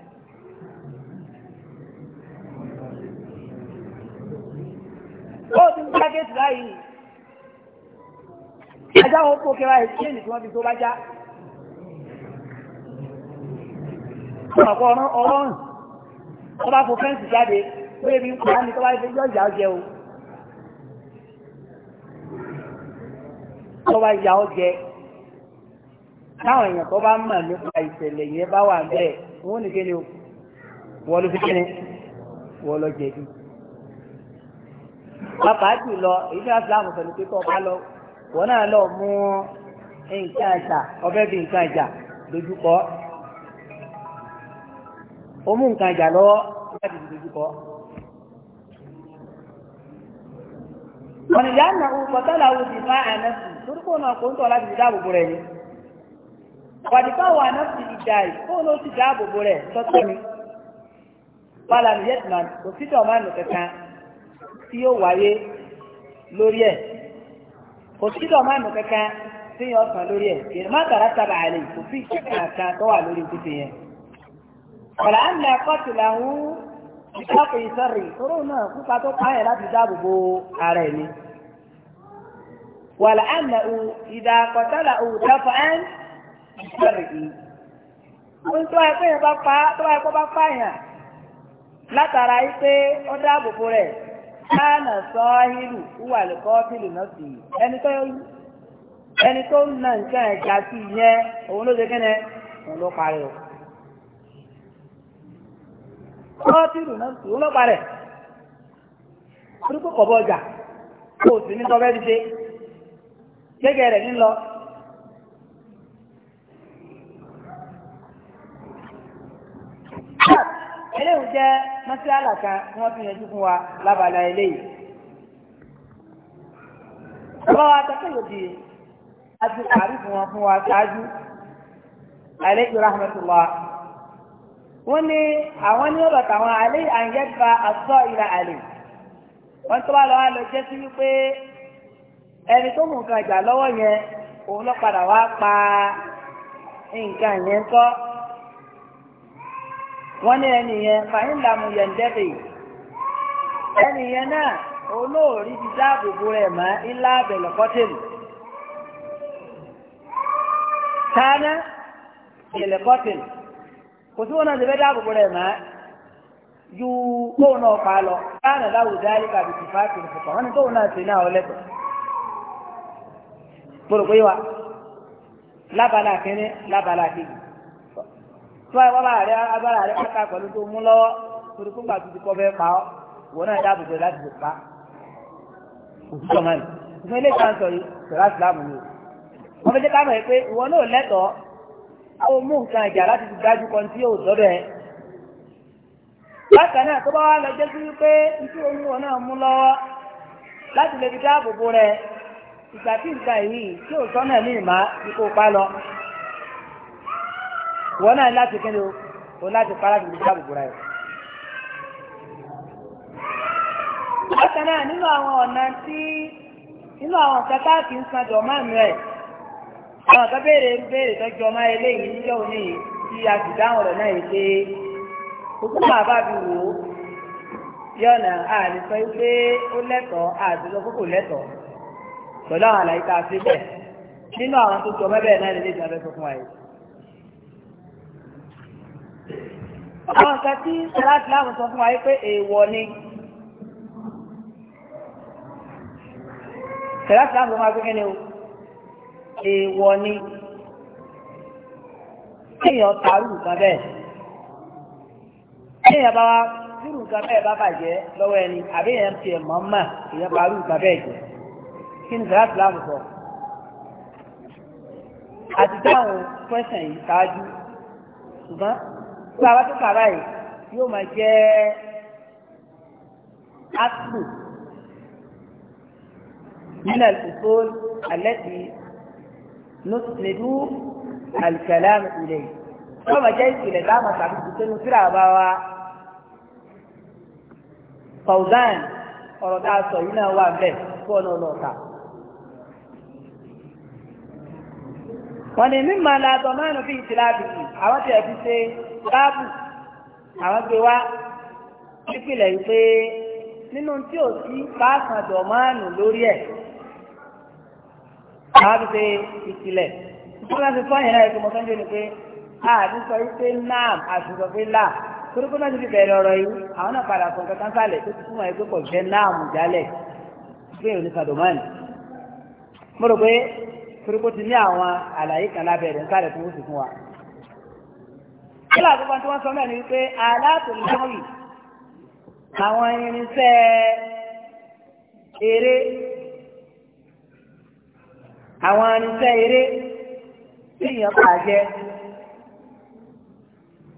géètì báyìí ajá wọn kó kẹwàá ẹ̀sìn tí wọ́n fi tó bá já ọ̀pọ̀ ọ̀rọ̀ ọ̀rọ̀ ọba fò fẹ́ǹsì jáde pé ebi ń pa á ní tọ́wá ẹgbẹ́ yọ ìyá ọjẹ́ o tọ́wá ìyá ọjẹ́ táwọn èèyàn tó bá mọ̀ nípa ìṣẹ̀lẹ̀ yẹn bá wà bẹ́ẹ̀ wọ́n ní kéde o wọ́n ló fi kéde wọ́n lọ jẹ̀bi pàápàá jùlọ èyí ní islam pẹ̀lú pé kọ́ ọba lọ wọn náà lọ mú nǹkan ẹ̀jà ọbẹ̀ bíi nǹkan ẹ̀jà dojúkọ ó mú nǹkan ẹ̀jà lọ́wọ́ láti fi dojúkọ. ọ̀nìyá nà ń kọ́tàlá wo ti fa ànáfì torí kò náà kò ń tọ́ láti fi dáàbò bo rẹ̀ ni. wàdìkọ́ wo ànáfì ìjà yìí kó ló ti dáàbò bo rẹ̀ sọ́tọ́ ni. wàhálà nìyẹ́tìmá kò sí tọ́ ọ̀ma nù kankan tí yóò wáyé lórí ẹ̀ kò sí dọ̀mánù kankan tí yóò sàn lórí ẹ̀ kì í má tàrà sábà àlè kò sí ìṣẹ̀lẹ̀ kan tó wà lórí títì yẹn. ọ̀là ń lẹ kọ́tù làwọn ìṣàkó ìṣọ̀rì tóró náà kúpa tó pa yẹn láti dáàbò bo ara ẹ̀ ni. wàlà ń lẹ ìdá kọ̀tàlà òwúdàfọ̀ ẹ̀ ìṣọ̀rì yìí. ó tó ẹ yẹn bá pa tó ẹ bá pààyàn látara yìí pé ó dáàbò bo rẹ̀. kánà sọ́hírù wà lẹ́kọ́ fìlù náà sí ẹni tó ẹni tó ń na nǹkan ẹ̀já sí yẹn òun ló ṣe kẹ́nẹ́ òun ló parí o. sọ́hírù náà sí òun ló parí ọjà kò sí eléyìí jẹ masiala kan tí wọ́n fi yanjú fún wa lábala eléyìí. Bàbá wa tọ́jú yòdì àti àrífù wọn fún wa ṣáájú. Àìlẹ́jọ rahmatullah. Wọ́n ní àwọn ní ọ̀rọ̀ tàwọn àlẹ́ àyẹ̀bá àtọ́ ìlà àlè. tó bá lọ wá lọ jẹ́ sí wípé ẹni tó mú nǹkan ìjà yẹn òun ló padà wá pa wọ́n ní ẹni yẹn fàyín làmù yẹ̀ǹdẹ́bì ẹni yẹn náà olóòrí ti dáàbòbò rẹ̀ mọ́ ilá abẹ̀lẹ̀ tánà ìyẹ̀lẹ̀ kò sí wọn náà ti fẹ́ dáàbòbò rẹ̀ mọ́ ju kóun náà pa lọ káàna láwùjọ àyíká àti tìfáàtì nìkan wọn ni tóun náà ti náà ọlẹ́tọ̀ gbọ́dọ̀ pé wa lábala kínní lábala kejì tí wọ́n wọ́n rẹ̀ agbára rẹ̀ káka pẹ̀lú tó mú lọ́wọ́ torí fún gbàtú ti kọ́ fẹ́ pa ọ́ ìwọ náà dáàbò bẹ̀rẹ̀ láti pa òtútù ọmọ yìí ìfún ilé ìta sọ yìí sọ̀rọ̀ àsìlámù ni wọ́n fi jẹ́ ká mọ̀ pé ìwọ náà lẹ́tọ̀ọ́ àwọn mú nǹkan ìjà láti fi dájú kan tí yóò sọ́dọ̀ ẹ̀ bákan náà tó bá wá lọ jẹ́ sí wípé iṣu omi wọn náà mú lọ́wọ́ láti lè fi dáàbò bo rẹ̀ ìgbà tí nǹkan yìí tí ò sọ́nà ní ìmá ikú pa lọ wọ́n náà láti kí ni o láti para kìí dáàbòbò rẹ̀. bákan náà nínú àwọn ọ̀nà tí nínú àwọn kẹta kì í san jọ̀ọ́ máa ń rẹ̀ àwọn kan béèrè ń béèrè tọ́jú ọmọ eléyìí níjọ́ òní yìí tí a sì dáhùn rẹ̀ náà yìí pé gbogbo bàbá mi wò ó yọ̀nà àlùfẹ́ pé ó lẹ́tọ̀ọ́ àti lọ́kókò lẹ́tọ̀ọ́ pẹ̀lú àwọn àlàyé tá a fi bẹ̀ nínú àwọn tó jọ mẹ́bẹ̀ẹ́ náà lè dábẹ́ fún wa yìí. àwọn nǹkan tí sàláàtì láàmù sọ fún wa pé èèwọ̀ ni sàláàtì láàmù sọ fún wa pé kíni o èèwọ̀ ni kéèyàn tààrù nǹkan bẹ́ẹ̀ kéèyàn bá wa dúró nǹkan bẹ́ẹ̀ bá bàjẹ́ lọ́wọ́ ẹni àbí èèyàn tiẹ̀ mọ́ mà èèyàn bá rú nǹkan bẹ́ẹ̀ jẹ́ kí ni sàláàtì láàmù sọ àti dáhùn kwẹ́sàn yìí ṣáájú ṣùgbọ́n tí a bá tó kàrá yìí yóò máa jẹ́ aslu nínú al-usul allati nusnidu al-kalam ilayhi yóò máa jẹ́ ìpìlẹ̀ dáhùn tàbí ìpìlẹ̀ tíra bá wa Fawzan ọ̀rọ̀ tá a sọ yìí náà wà bẹ́ẹ̀ fún ọ̀nà ọlọ́ọ̀ta. wọ́n ní mímọ́ la dọ̀mánù fi ìtìláàbì yìí àwọn tí a ti ṣe báàbù àwọn gbé wá nípìnlẹ̀ yìí pé nínú tí ò sí pàápàá dọ̀mánù lórí ẹ̀ àwọn ti ṣe ìpìlẹ̀ tí wọ́n ti fọ́yìn náà ẹ̀kọ́ mọ́tọ́jú ni pé àti sọ wípé náà àti sọ pé là torípé náà ti fi bẹ̀rẹ̀ ọ̀rọ̀ yìí àwọn náà padà sọ kankan sálẹ̀ tó ti túmọ̀ ẹgbẹ́ pọ̀ jẹ́ náà jálẹ̀ pé òní sàdọ̀mánù mo rò pé torípé ti ní àwọn àlàyé kan lábẹ́ rẹ̀ ń sálẹ̀ tó fún wa kílà àkọ́kọ́ tí wọ́n sọ mẹ́rin wípé aláàtòlẹ́wì àwọn irinṣẹ́ eré àwọn irinṣẹ́ eré tí èèyàn kà jẹ́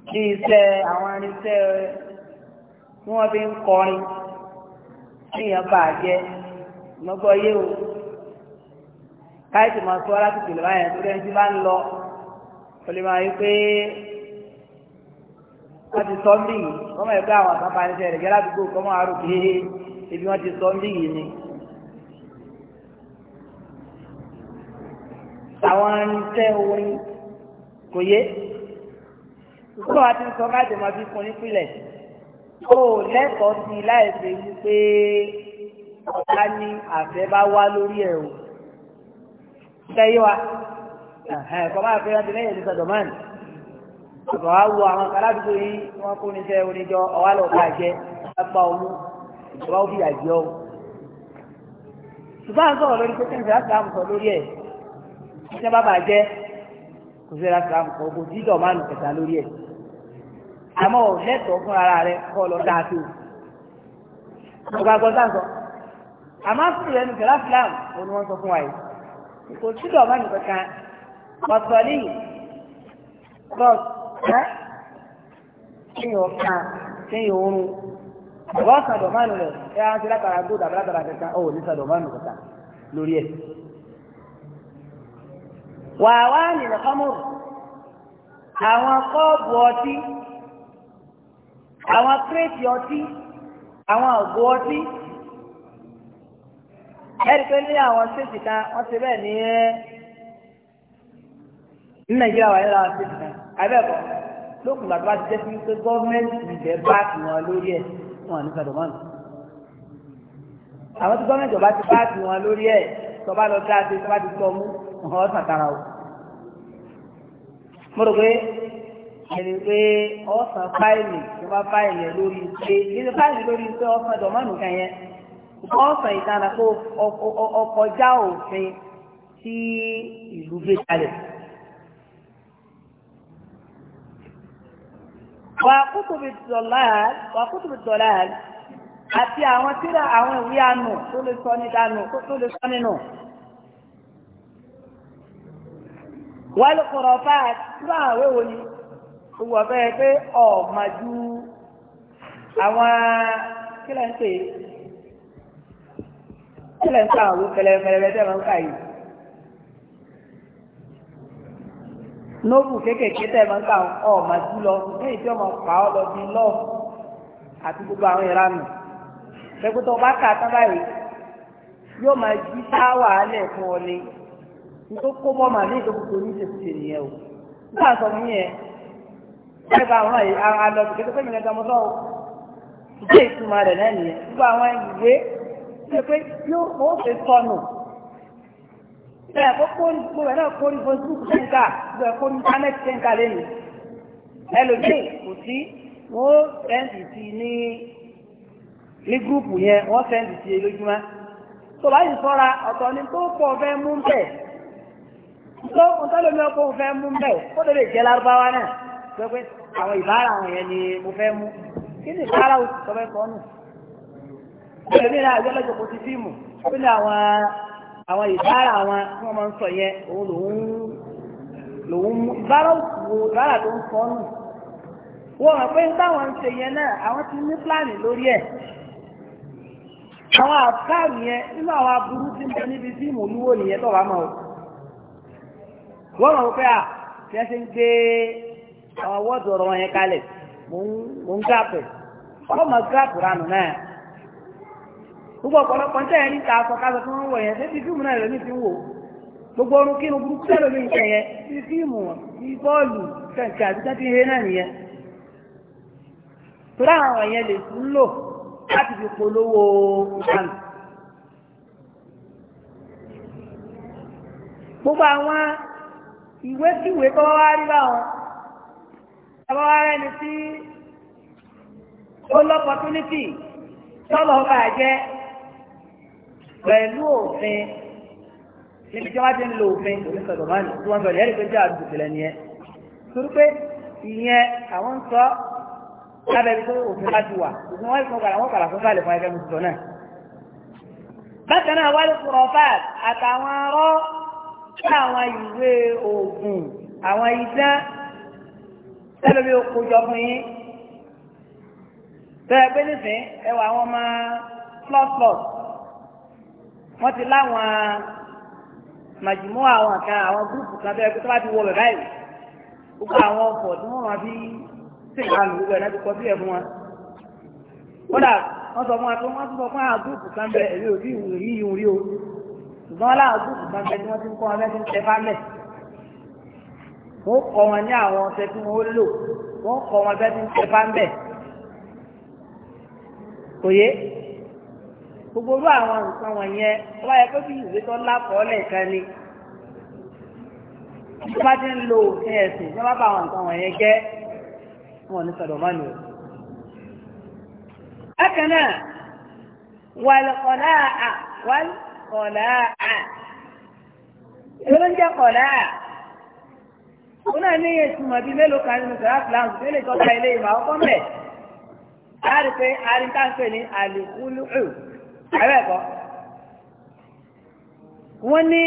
kí iṣẹ́ àwọn irinṣẹ́ tí wọ́n fi ń kọrin tí èèyàn kà jẹ́ mọ́gbọ́ yé o káyọ̀tì máa sọ láti pèlè báyẹn tó dẹ́ni tí bá ń lọ ó lè máa rí pé wọ́n ti sọ ń bí yìí wọ́n mọ̀ pé àwọn àkànfà ní sẹ́yìn rẹ̀ ládùúgbò kọ́mọ́ àrùn kéhe ibi wọ́n ti sọ ń bí yìí ni. àwọn irinṣẹ́ orin kò yé ìkúrò àti sọ káàdì máa fi kun nípìnlẹ̀ ó lẹ́kọ̀ọ́ sí i láì fi wípé ọ̀tá ní àfẹ́ bá wá lórí ẹ̀ o. ṣé yé wa ẹ̀kọ́ máa fẹ́ rántí lẹ́yìn ìdíjọ́ dọ̀mọ́nì ọ̀dọ̀ wa wo àwọn aládùúgbò yìí wọ́n kó níṣẹ́ oníjọ ọ̀wá lọ bá jẹ apá ọmú ìjọba ó fìyà jẹ ọ́. ṣùgbọ́n à ń sọ̀rọ̀ lórí pé kẹ́ńtì láti láàmù sọ lórí ẹ̀ iṣẹ́ bá bàjẹ́ kò sí láti láàmù sọ kò sí ìjọ máa nù kẹta lórí ẹ̀. àmọ́ lẹ́tọ̀ọ́ fún ara rẹ kọ́ lọ dáa o. ọgbà gbọ́ sáǹsọ àmọ́ sùn rẹ̀ nù kẹ́lá fìlàmù òun ni wọ́n sọ fún wa yìí kò sí ìjọ máa nù kẹta ọ̀tọ̀ ẹ kéèyàn ọ̀kan kéèyàn oorun ọ̀gá ọ̀sán dọ̀mánu rẹ̀ ẹ á ti látara góòdù àbí látara kẹta ọ ní sàn dọ̀mánu kẹta lórí ẹ̀. wàá wá nìyẹn kọ́mọ̀rù àwọn kọ́ọ̀bù ọtí àwọn kírètì ọtí àwọn ọ̀gbọ ọtí ẹ̀rí pé ní àwọn stéètì kan wọ́n ti bẹ́ẹ̀ ní ní nàìjíríà wà kan abẹ́ẹ̀kọ́ lókùn gbàgbọ́ bá ti jẹ́ sí pé gọ́ọ̀mẹ́ntì ilẹ̀ bá wọn lórí ẹ̀ wọn ní sàdọ̀mọ́nù àwọn tí gọ́ọ̀mẹ́ntì ọba ti bá wọn lórí ẹ̀ tọba lọ dá sí tọba ti tọ́ mú ọ̀hún ọ̀sán tara o mo rò pé ẹni pé ọ̀sán fáìlì tó bá fáìlì ẹ̀ lórí pé nínú fáìlì lórí pé ọ̀sán dọ̀mọ́nù kan yẹn ọ̀sán ìtànà kó òfin tí ìlú gbé kalẹ̀. wà kútùbù dọ̀là àti àwọn tíra àwọn ìwé àánú tó lè sọ ní dànù tó lè sọ nínú. wọ́n lè kọ̀rọ̀ bá tíra àwọn èwo ni gbogbo ọ̀fẹ́ pé ọ̀ọ́mà ju àwọn kílẹ̀ ń pè kílẹ̀ ń pa àwọn kẹlẹ̀ mẹlẹ́mẹ́tẹ́ máa nóòbù kéékèèké tẹ̀ máa ń kà ọ́ máa jù lọ lẹ́yìn tí ọmọ pa ọ́ lọ bí lọ́ọ̀ àti gbogbo àwọn ìranù pẹ̀kútọ̀ bá kà tán báyìí yóò máa jí táwà alẹ̀ fún ọ ni nítorí kó bọ́ màmí ìdókòtò ní ìṣèkùtì nìyẹn o nígbà sọ mí yẹn ẹgbẹ́ àwọn alọ́bì kékeré mi lẹ́gbẹ́ ọmọdé ọ̀ ìdí ìtumọ̀ rẹ̀ náà nìyẹn gbogbo àwọn ìwé pé yóò fẹ́ sọnù bẹ́ẹ̀ kó kórí gbogbo ẹ̀ náà kórí facebook ṣẹ́ǹkà gbogbo ẹ̀ kórí internet ṣẹ́ǹkà lẹ́nu ẹlòmíì kò sí wọ́n sẹ́ǹdì sí ní ní gúrùpù yẹn wọ́n sẹ́ǹdì sí lójúmọ́ tó bá yìí sọ́ra ọ̀tọ̀ ni tó pọ̀ fẹ́ mú bẹ́ẹ̀ tó ntọ́lómi ọkọ̀ fẹ́ mú bẹ́ẹ̀ kó lè lè jẹ́ lárúbáwá náà pẹ́pẹ́ àwọn ìbára àwọn yẹn ni mo fẹ́ mú kí ni ìbára òsì sọ fẹ́ sọ náà àjọ lọ́jọ́ kò ti fíìmù ó ní àwọn àwọn ìbára àwọn tí wọ́n máa ń sọ yẹn òun lòun mú ìbára ìbára tó ń nù wọ́n mọ̀ pé táwọn ń ṣe yẹn náà àwọn ti ní pílánì lórí ẹ̀ àwọn àkáàrù yẹn nínú àwọn aburú tí ń bẹ níbi tí mò ń wò nìyẹn tó wà mọ́ o wọ́n mọ̀ pé à ṣe ń gbé àwọn wọ́ọ̀dù ọ̀rọ̀ wọn yẹn gbogbo ọ̀pọ̀lọpọ̀ ń tẹ̀yẹ níta aṣọ káṣọ tí wọ́n ń wọ̀ yẹn ṣé ti fíìmù náà lómi ti ń wò gbogbo orun kínú burúkú tẹ́ lómi ìṣẹ̀ yẹn ti fíìmù ti bọ́ọ̀lù kẹ̀kẹ́ àti tẹ́tí ihe náà nìyẹn tó dáhùn àwọn yẹn lè tún lò láti fi polówó ìbánu. gbogbo àwọn ìwé kíwèé tó wá rí báwọn àwọn ará ẹni tí ó lọ́pọ̀ tó ní kì tọ́lọ̀ bàjẹ́ pẹ̀lú òfin níbi tí wọ́n ti ń lo òfin òní sọ̀rọ̀ máa ń tí wọ́n sọ̀rọ̀ yẹ́rì pé jẹ́ àdùkù lẹ́ni ẹ torí pé ìyẹn àwọn ń sọ lábẹ́ ibi tó òfin bá ti wà òfin wọ́n ìfún padà wọ́n padà fún fàlẹ̀ fún ẹgbẹ́ mi sọ náà. bákan náà wálé kúrọ̀fà àtàwọn ọ̀rọ̀ sí àwọn ìwé oògùn àwọn idán tẹ́lẹ̀ bí ó fún yín tẹ́lẹ̀ pé nísìnyí ẹwà àwọn ọmọ flọ́flọ́s wọ́n ti láwọn màjìmọ́ àwọn kan àwọn gúrùpù kan bẹ́ẹ̀ tó bá ti wọ bẹ̀ báyìí gbogbo àwọn ọkọ̀ tí wọ́n máa fi ṣèǹkan lù gbogbo ẹ̀ náà ti kọ́ sílẹ̀ fún wọn. kódà wọ́n sọ fún wa pé wọ́n tún sọ fún àwọn gúrùpù kan bẹ́ẹ̀ èmi ò tí ì rí ìhun rí o ṣùgbọ́n láwọn gúrùpù kan bẹ́ẹ̀ tí wọ́n ti ń kọ́ wọn fẹ́ẹ́ tẹ fálẹ̀. wọ́n kọ́ wọn ní àwọn ọ̀sẹ̀ tí wọ́n lò wọ́n kọ́ wọn fẹ́ẹ́ tẹ fálẹ̀. òye gbogbo orú àwọn nǹkan wọ̀nyẹn tó bá yẹ kó bí ìwé tó lákọọ́lẹ̀ kan ni tó bá ti ń lo òfin ẹ̀sìn tó bá bá àwọn nǹkan wọ̀nyẹn jẹ́ wọn ò ní sọ̀dọ̀ mọ́ ni o. bákan náà wàlùkọ̀lá à wàlùkọ̀lá à èyí náà ní iye ìtumọ̀ bíi mélòó kan nínú sọ̀rọ̀ àfúlàǹsì tó lè tọ́ka ilé ìmọ̀ àkọ́kọ́ mẹ́ láti pé arintáǹpẹ̀ ní àlùkùlù ààrẹ ẹ̀kọ́ wọ́n ní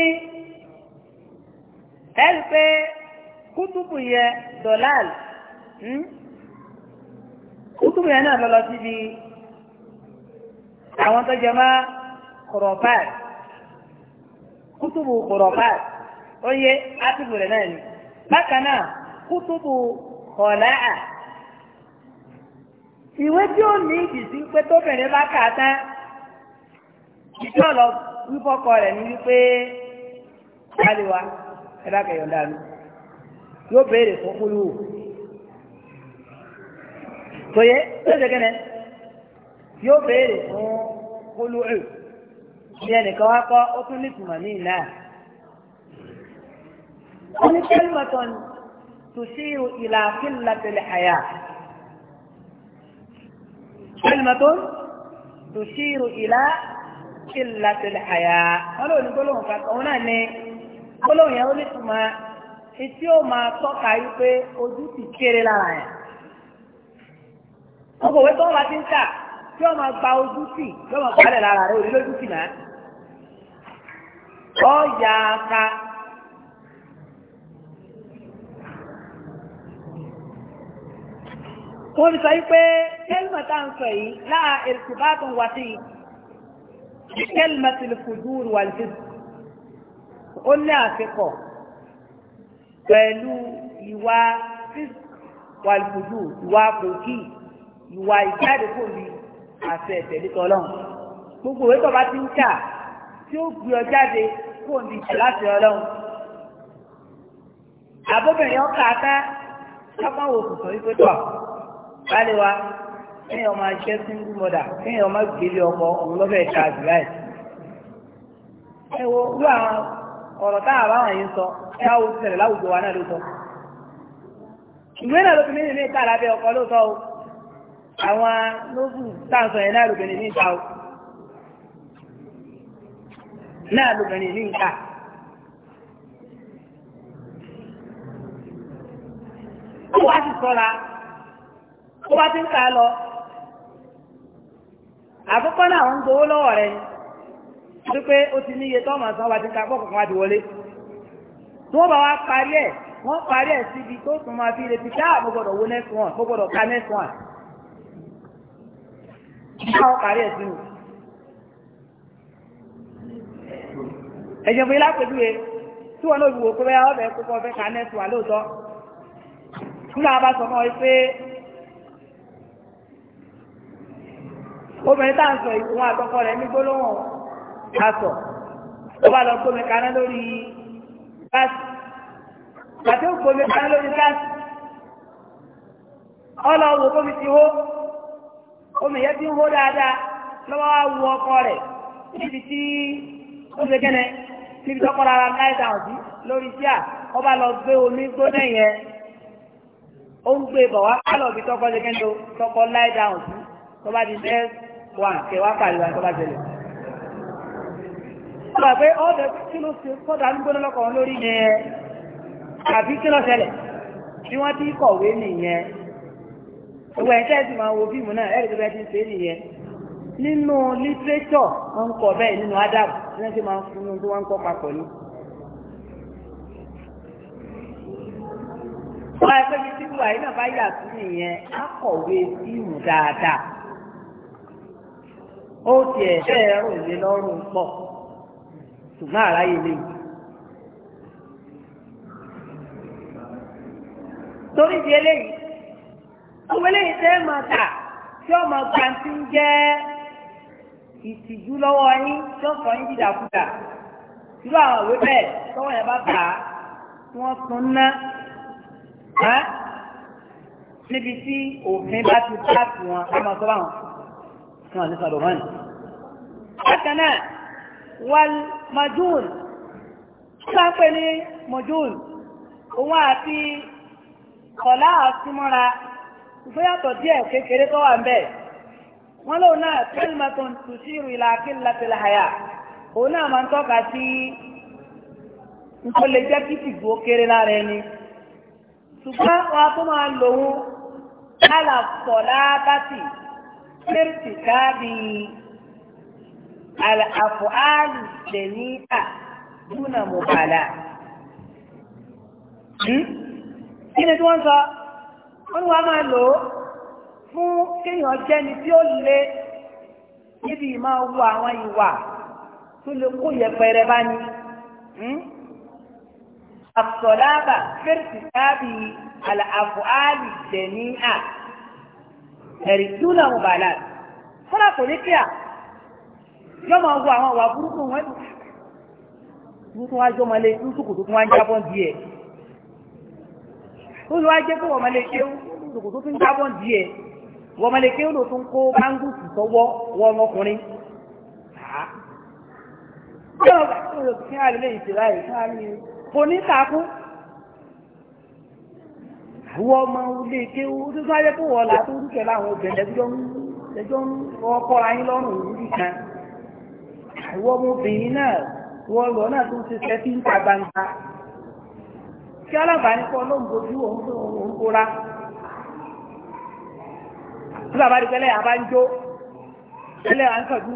ẹ̀rí pé kútùbù yẹ dọ̀láàlì hmm? kútùbù yẹ náà lọ́lọ́ síbi àwọn tó jẹ máa kọ̀rọ̀fáàlì kútùbù kọ̀rọ̀fáàlì ó yẹ átìbù rẹ̀ náà ni bákan náà kútùbù kọ̀láà ìwé tí ó ní ìdìsí pé tóbìnrin bá kà á tán ìjọ lọ wípọkọ rẹ̀ ní wípé aliwa ẹ bá kẹyọ dànù yóò béèrè fún kúlù tòye lóde kẹne yóò béèrè fún kúlù ẹ ìyẹn nìkan wá kọ ó tún nítumọ̀ míì náà ní kẹlímọtọ tùsírù ìlà fílà àyà kẹlímọtọ tùsírù ìlà qillatul haya wọ́n lò ní gbólóhùn kan òun náà ní gbólóhùn yẹn ó ní tuma etí ó máa tọ́ka yí pé ojú ti kéré lára yẹn. ọkọ̀ òwe tó wà ti ń kà tí ó máa gba ojú tì yóò máa gbalẹ̀ lára rẹ̀ òní lójú tì náà. ọ yà á ka wọ́n fi sọ yí pé kẹ́lùmọ̀ tá à ń sọ yìí láà èrìkù bá tún wá sí i. بكلمة الفجور والفسق قلنا عفقه pẹ̀lú ìwà wàlùkùdù ìwà kòkì ìwà ìjáde kò ní àṣẹ ìtẹ̀lé tọ́lọ́n gbogbo ìwé tọba ti ń kà tí ó gbé ọ jáde kò ní láti ọlọ́run àbóbìnrin ọkà ká sábà wò sùsùn wípé tọ̀ báyìí wa kéèyàn máa ṣe single mother kéèyàn máa gbélé ọkọ òun lọ́fẹ̀ẹ́ ta àdìláì. ẹ àwọn ọ̀rọ̀ táwọn àbáwọn yìí sọ ẹ á láwùjọ wa náà ló sọ. ìwé náà ló fi o àwọn o náà ní ìta. ó wá sọ́ra ó lọ. àkọ́kọ́ náà ń gbowó lọ́wọ́ rẹ̀ tó pé ó ti níye tọ́mọ̀ san wa ti ka pọ̀ kankan wa ti wọlé tí wọ́n bá wa parí ẹ̀ wọ́n parí ẹ̀ síbi tó tún máa fi retí ká mo gbọ́dọ̀ next one mo gbọ́dọ̀ ka next one káwọn parí ẹ̀ sínú. ẹ̀jẹ̀ fún ilá pẹ̀lú e tí wọn náà wò pé ọbẹ̀ kókó ọbẹ̀ ka next one lóòótọ́ nígbà bá sọ fún ọ obìnrin tá à ń sọ ìwọ̀n àtọkọ rẹ̀ ní gbólóhùn asọ̀ ó bá lọ gbómi kaná lórí gáàsì àti ó gbómi kaná lórí gáàsì ọlọ́wọ́ omi ti hó omi yẹn ti ń hó dáadáa lọ́wọ́ wá wu ọkọ rẹ̀ níbi tí ó ṣe kẹ́nẹ́ níbi tọ́kọ rárá láì dáhùn sí lórí tíà ó bá lọ gbé omi gbóná yẹn ó ń gbé bọ̀ wá kálọ̀ bí tọ́kọ ṣe kẹ́nẹ́ tọ́kọ láì dáhùn sí tó ti fẹ́ one kẹ wá kàlẹ́ jẹlẹ̀. ọ̀dọ̀ kí ló àbí kí wọ́n ti kọ̀wé nìyẹn. Ìwọ ẹ̀ ma wo fíìmù náà ti nìyẹn. Nínú lítírẹ́tọ̀ wọ́n Adam wọ́n fún wọ́n kọ́ papọ̀ ní. Wọ́n bí náà ó ti ẹ̀ṣẹ́ ẹ̀rọ ìlé lọ́rùn pọ̀ ṣùgbọ́n àráyè lè. torí di eléyìí àwọn eléyìí tẹ́ máa tà tí ó máa ń jẹ́ ìtìjú lọ́wọ́ yín tí ó sọ yín dídàkudà irú àwọn ìwé bẹ́ẹ̀ tọ́wọ́ yẹn bá tà á tí wọ́n tún ná níbi tí òfin bá ti bá tù wọn ká máa sọ báwọn náà ní sàdọ̀mánì bákan náà wal majun sáńpẹ́ ní majun òun àti kọ̀lá àtúmọ́ra ìgbéyàtọ̀ díẹ̀ kékeré tó wà ń bẹ̀ wọ́n lóun náà kẹ́lìmọ́tún tùsírù ìlàkín lápẹ́lẹ̀ àyà òun náà máa ń tọ́ka sí nǹkan lè jẹ́ kí tìgbò kéré lára ẹni ṣùgbọ́n wọn a tó máa lòun lálàfọ̀ lábátì بارتكاب الأفعال الشنيعة دون مبالاة kí ni tí wọ́n sọ wọ́n ní wàá máa lò ó fún kéèyàn jẹ́ni tí ó le níbi máa wo àwọn ìwà tó lè kó yẹpẹrẹ bá ní. àsọ̀lábà fẹ́rẹ̀sì tábì àlàáfọ̀ àlì jẹ̀ ní à ẹ̀rí dúnà wọn bàálà fúnra kò ní kíá yọ máa wo àwọn àwà burúkú wọn burúkú wọn jọ máa lé lùsùkùtù tó wọn jábọ̀ díẹ̀ olùwà jẹ́ pé wọ́n máa lè ṣe lùsùkùtù tó ń jábọ̀ díẹ̀ wọ́n máa lè ṣe lò tó ń kó báńgùsù sọ́wọ́ wọ́n ọmọkùnrin kí wọ́n bá tó lò lè ṣe báyìí kí wọ́n lè kò ní kàkún àwọn ọmọ ilé ike ojú tó wọ̀ la tó ń tẹ̀lé àwọn obìnrin ẹjọ́ ń ẹjọ́ ń kọ́ ayé lọ́rùn lórí kan àwọn ọmọbìnrin náà wọ́n lọ náà tó ń ṣe sẹ́fí ń ta gbangba kí alábàání kọ́ ló ń bojú òun kóra tí bàbá rí pẹ́lẹ́ àbá ń jó pẹ́lẹ́ à nípa sí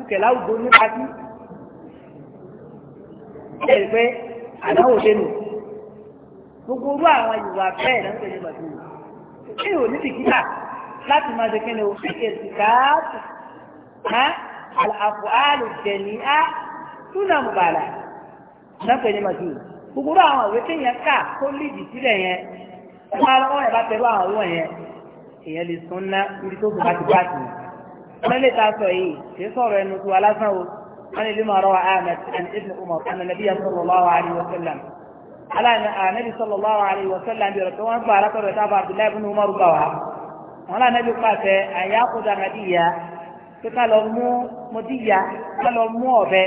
ẹ̀rí pé àdáwò lé nù gbogbo orú àwọn ìwà bẹ́ẹ̀ ló ń tẹ̀lé màdúró kí ò ní bìkítà láti máa ṣe kí ni o fi èsì káàtù ha àlàfo àlò jẹ̀lì á túnà mùbàlà ló ń tẹ̀lé màdúró gbogbo orú àwọn ìwé téèyàn kà tó lìdì sílẹ̀ yẹn wọ́n máa lọ́wọ́ yẹn bá tẹ̀lé àwọn òwò yẹn èèyàn lè sún ná ibi tó bù láti bá tì wọ́n lè ta sọ yìí kì í sọ̀rọ̀ ẹnu tó alásán o wọ́n lè lè máa rọ àmì àti ibn umar àmì nàbíyà sallallahu alaihi wa sallam aláàánú ànábì sallallahu alaihi wa sallam bí ọ̀rọ̀ tó wọ́n gbà arákọ̀rọ̀ tábà abdullahi ibn umar gbà wá wọn náà ànábì pàṣẹ àyàkúdà màdíyà pé ká lọ mú mọdíyà ká lọ mú ọ̀bẹ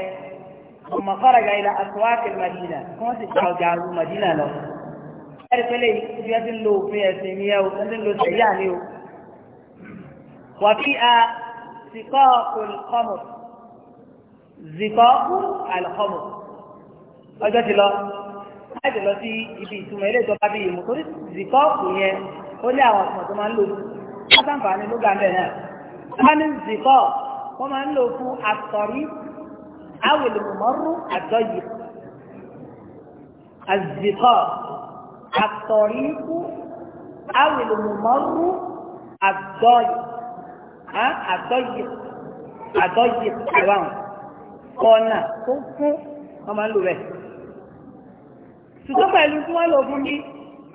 ọmọ kọ́ra ila aswaq al-madina kí wọ́n sì gba ọjà àrùn màdínà lọ ẹ̀rí pẹ́lẹ́ ibi ẹ ti lo òfin ẹ̀sìn o ẹ lo sẹ̀yà ni o. wà fi a zikọ́ alkọ́mù zikọ́ alkọ́mù ọjọ́ ti lọ láti lọ sí ibi ìtumọ̀ ilé ìjọba bíi ìmọ̀ torí zikọ́ọ̀kù yẹn ó ní àwọn ọ̀sán tó máa ń lò fún látàǹfààní ló gbàǹdẹ̀ náà wọ́n ní zikọ́ wọ́n máa ń lò fún àtọ̀rí awèlùmọ̀rú àjọyè àzikọ́ àtọ̀rí fún awèlùmọ̀rú àjọyè àjọyè àjọyè ìwà ọ̀nà tó fún wọ́n máa ń lò bẹ́ẹ̀ ṣùgbọ́n pẹ̀lú tí wọ́n lò fún ní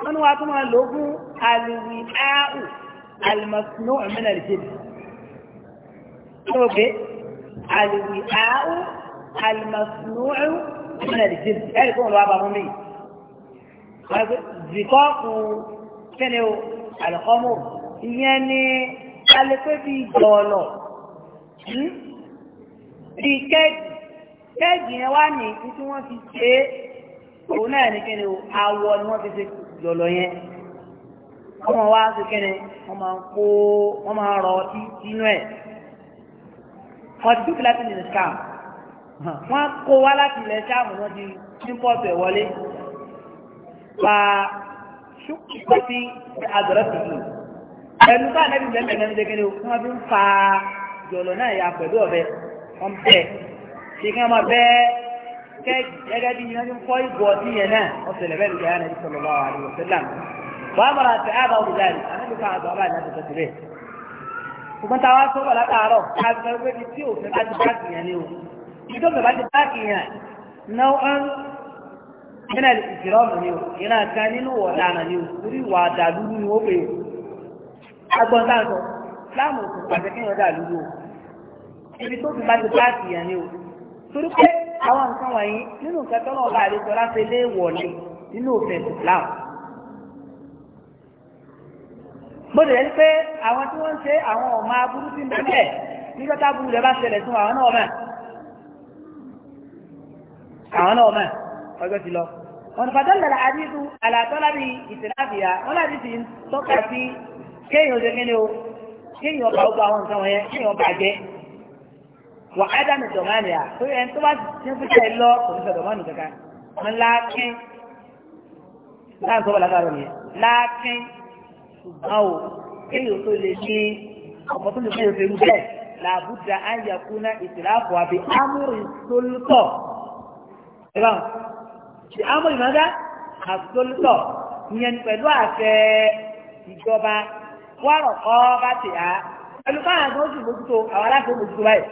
wọ́n ni wá tún máa lò fún àlùwì áàù alìmọ̀sánú ọ̀mìnà ìjẹ́bì ṣọ́gbẹ́ àlùwì áàù alìmọ̀sánú ọ̀mìnà ìjẹ́bì ẹ̀rì kó lọ́wọ́ bá fún mi zikọ́kù kẹ́ni o àlùkọ́mù ìyẹn ni alẹ́pẹ́ bí jọ̀ọ̀lọ̀ hmm? bí kẹ́ẹ̀dì kẹ́ẹ̀dì yẹn wá ní ìtú tí wọ́n fi ṣe é òun náà ní kíni awọ ni wọ́n fi ṣe jọ̀lọ̀ yẹn ọmọ wa ṣe kíni wọ́n máa ń kó wọ́n máa ń rọ ọtí sínú ẹ̀ ọtí tó fi láti nìyẹn ṣáà wọ́n kó wá láti ilẹ̀ ṣáàmù wọ́n ti ní pọ́ọ̀tù ẹ̀ wọlé pa ṣùkú sí àgọ́rọ́ sí i ẹnu bá nẹ́bí bẹ́ẹ̀ bẹ́ẹ̀ ní kíni wọ́n fi ń fa jọ̀lọ̀ náà yà pẹ̀lú ọ̀bẹ wọ́n bẹ́ẹ̀ ṣe kí wọ́n máa bẹ́ẹ̀. gẹ́gẹ́ bí iná ní ń kọ́ ìbò ọdún yẹn náà wọ́n tẹ̀lẹ̀ bẹ́ẹ̀ o àwọn nǹkan wọ̀nyí nínú nǹkan tọ́lọ̀ ọba àlejò láti lé wọ̀lé nínú òfin Islam. bóde yẹn pé àwọn tí wọ́n ń ṣe àwọn ọmọ aburú sí mẹ́mẹ́ nígbà tá aburú rẹ̀ bá ṣẹlẹ̀ sí àwọn náà mọ̀ àwọn náà mọ̀ ọjọ́ ti lọ. wọn fàtọ́ lẹ́la àdídú àlàtọ́lá bíi ìtìlábìyà wọn láti fi tọ́ka sí kéèyàn ó ṣe kéde o kéèyàn ọba ọba àwọn nǹkan wọ̀nyẹn kéèyàn ọba wà á dànù dọ̀mánì à pé ẹni tó bá ti fi ṣe lọ kò ní sọ dọ̀mánì kankan wọn láàkín láàrín tó wà lágbára mi láàkín ṣùgbọ́n o kéèyàn tó lè ní ọ̀pọ̀ tó lè fẹ́ òfin bẹ́ẹ̀ làbújá ayakuna ìtìláàfọ̀ àbí amúrin sólútọ̀ ẹ̀rọ ṣe amúrin mọ́gá àsólútọ̀ ìyẹn pẹ̀lú àṣẹ ìjọba wọ́rọ̀ kọ́ bá ti há pẹ̀lú báyà tó ti mójútó àwọn aláṣẹ mójútó báyìí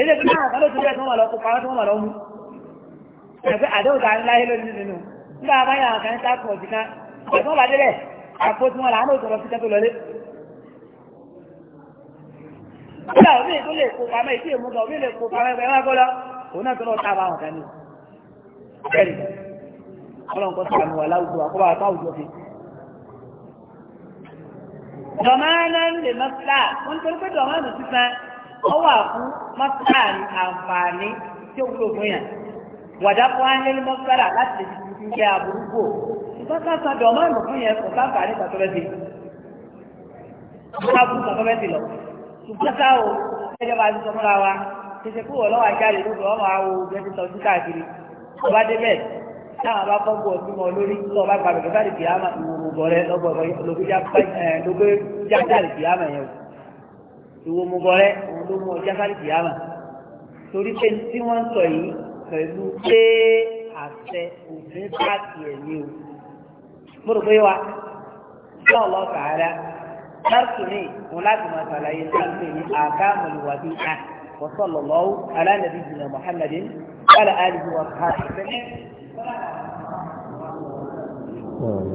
ilé tó náà kálọ̀ tó bẹ́ẹ̀ tó wà lọ kó pa tó wà lọ mú ẹgbẹ́ àdéhùn tá a ń láyé lónìí nínú nígbà bá yàn kan tá kọ̀ sí kan ẹ̀fọ́ bá délẹ̀ àpò tí wọn là á náà sọ̀rọ̀ sí tẹ́tọ́ lọlé. nígbà omi tó lè kó pamọ́ ètí èmú kan omi lè kó pamọ́ ẹgbẹ́ wọn gbọ́dọ̀ òun tó lọ tá a sí àmì ọ wà fún mọ́sálà àǹfààní tí ó wúlò fún yàn wàdà fún ángẹ́lì mọ́sálà láti lè fi ṣe àbúrúkọ ìgbà káàkiri àdó ọmọ ìmọ̀ fún yẹn kò sáǹfààní kàtọ́lẹ́sì káàbù kàtọ́lẹ́sì lọ ṣùgbọ́n ká o ẹjọ́ bá ti sọ fúnra wa ṣẹṣẹ kú wọ́n lọ́wọ́ ajáde lóko ọmọ àwọn oògùn ẹni sọ sí káàkiri ọba débẹ̀ táwọn bá fọ́gbọ́ ọdún mọ lórí tó ọba gbàgbé kẹfà lè fi àmà bọ̀rẹ́ lọ́gbọ̀gbọ̀ lóko jáde fi yẹn ló mú ọjà fáríkì yàrá torí pé tí wọ́n ń sọ yìí pẹ̀lú pé àṣẹ òfin pààkì ẹ̀ o mo rò pé wa ṣé ọlọ́ọ̀tà ara lárúkìní òun láti máa ṣàlàyé sáńpé ní àkáàmù ìwádìí ìta وصلى الله على نبينا محمد وعلى آله وصحبه وسلم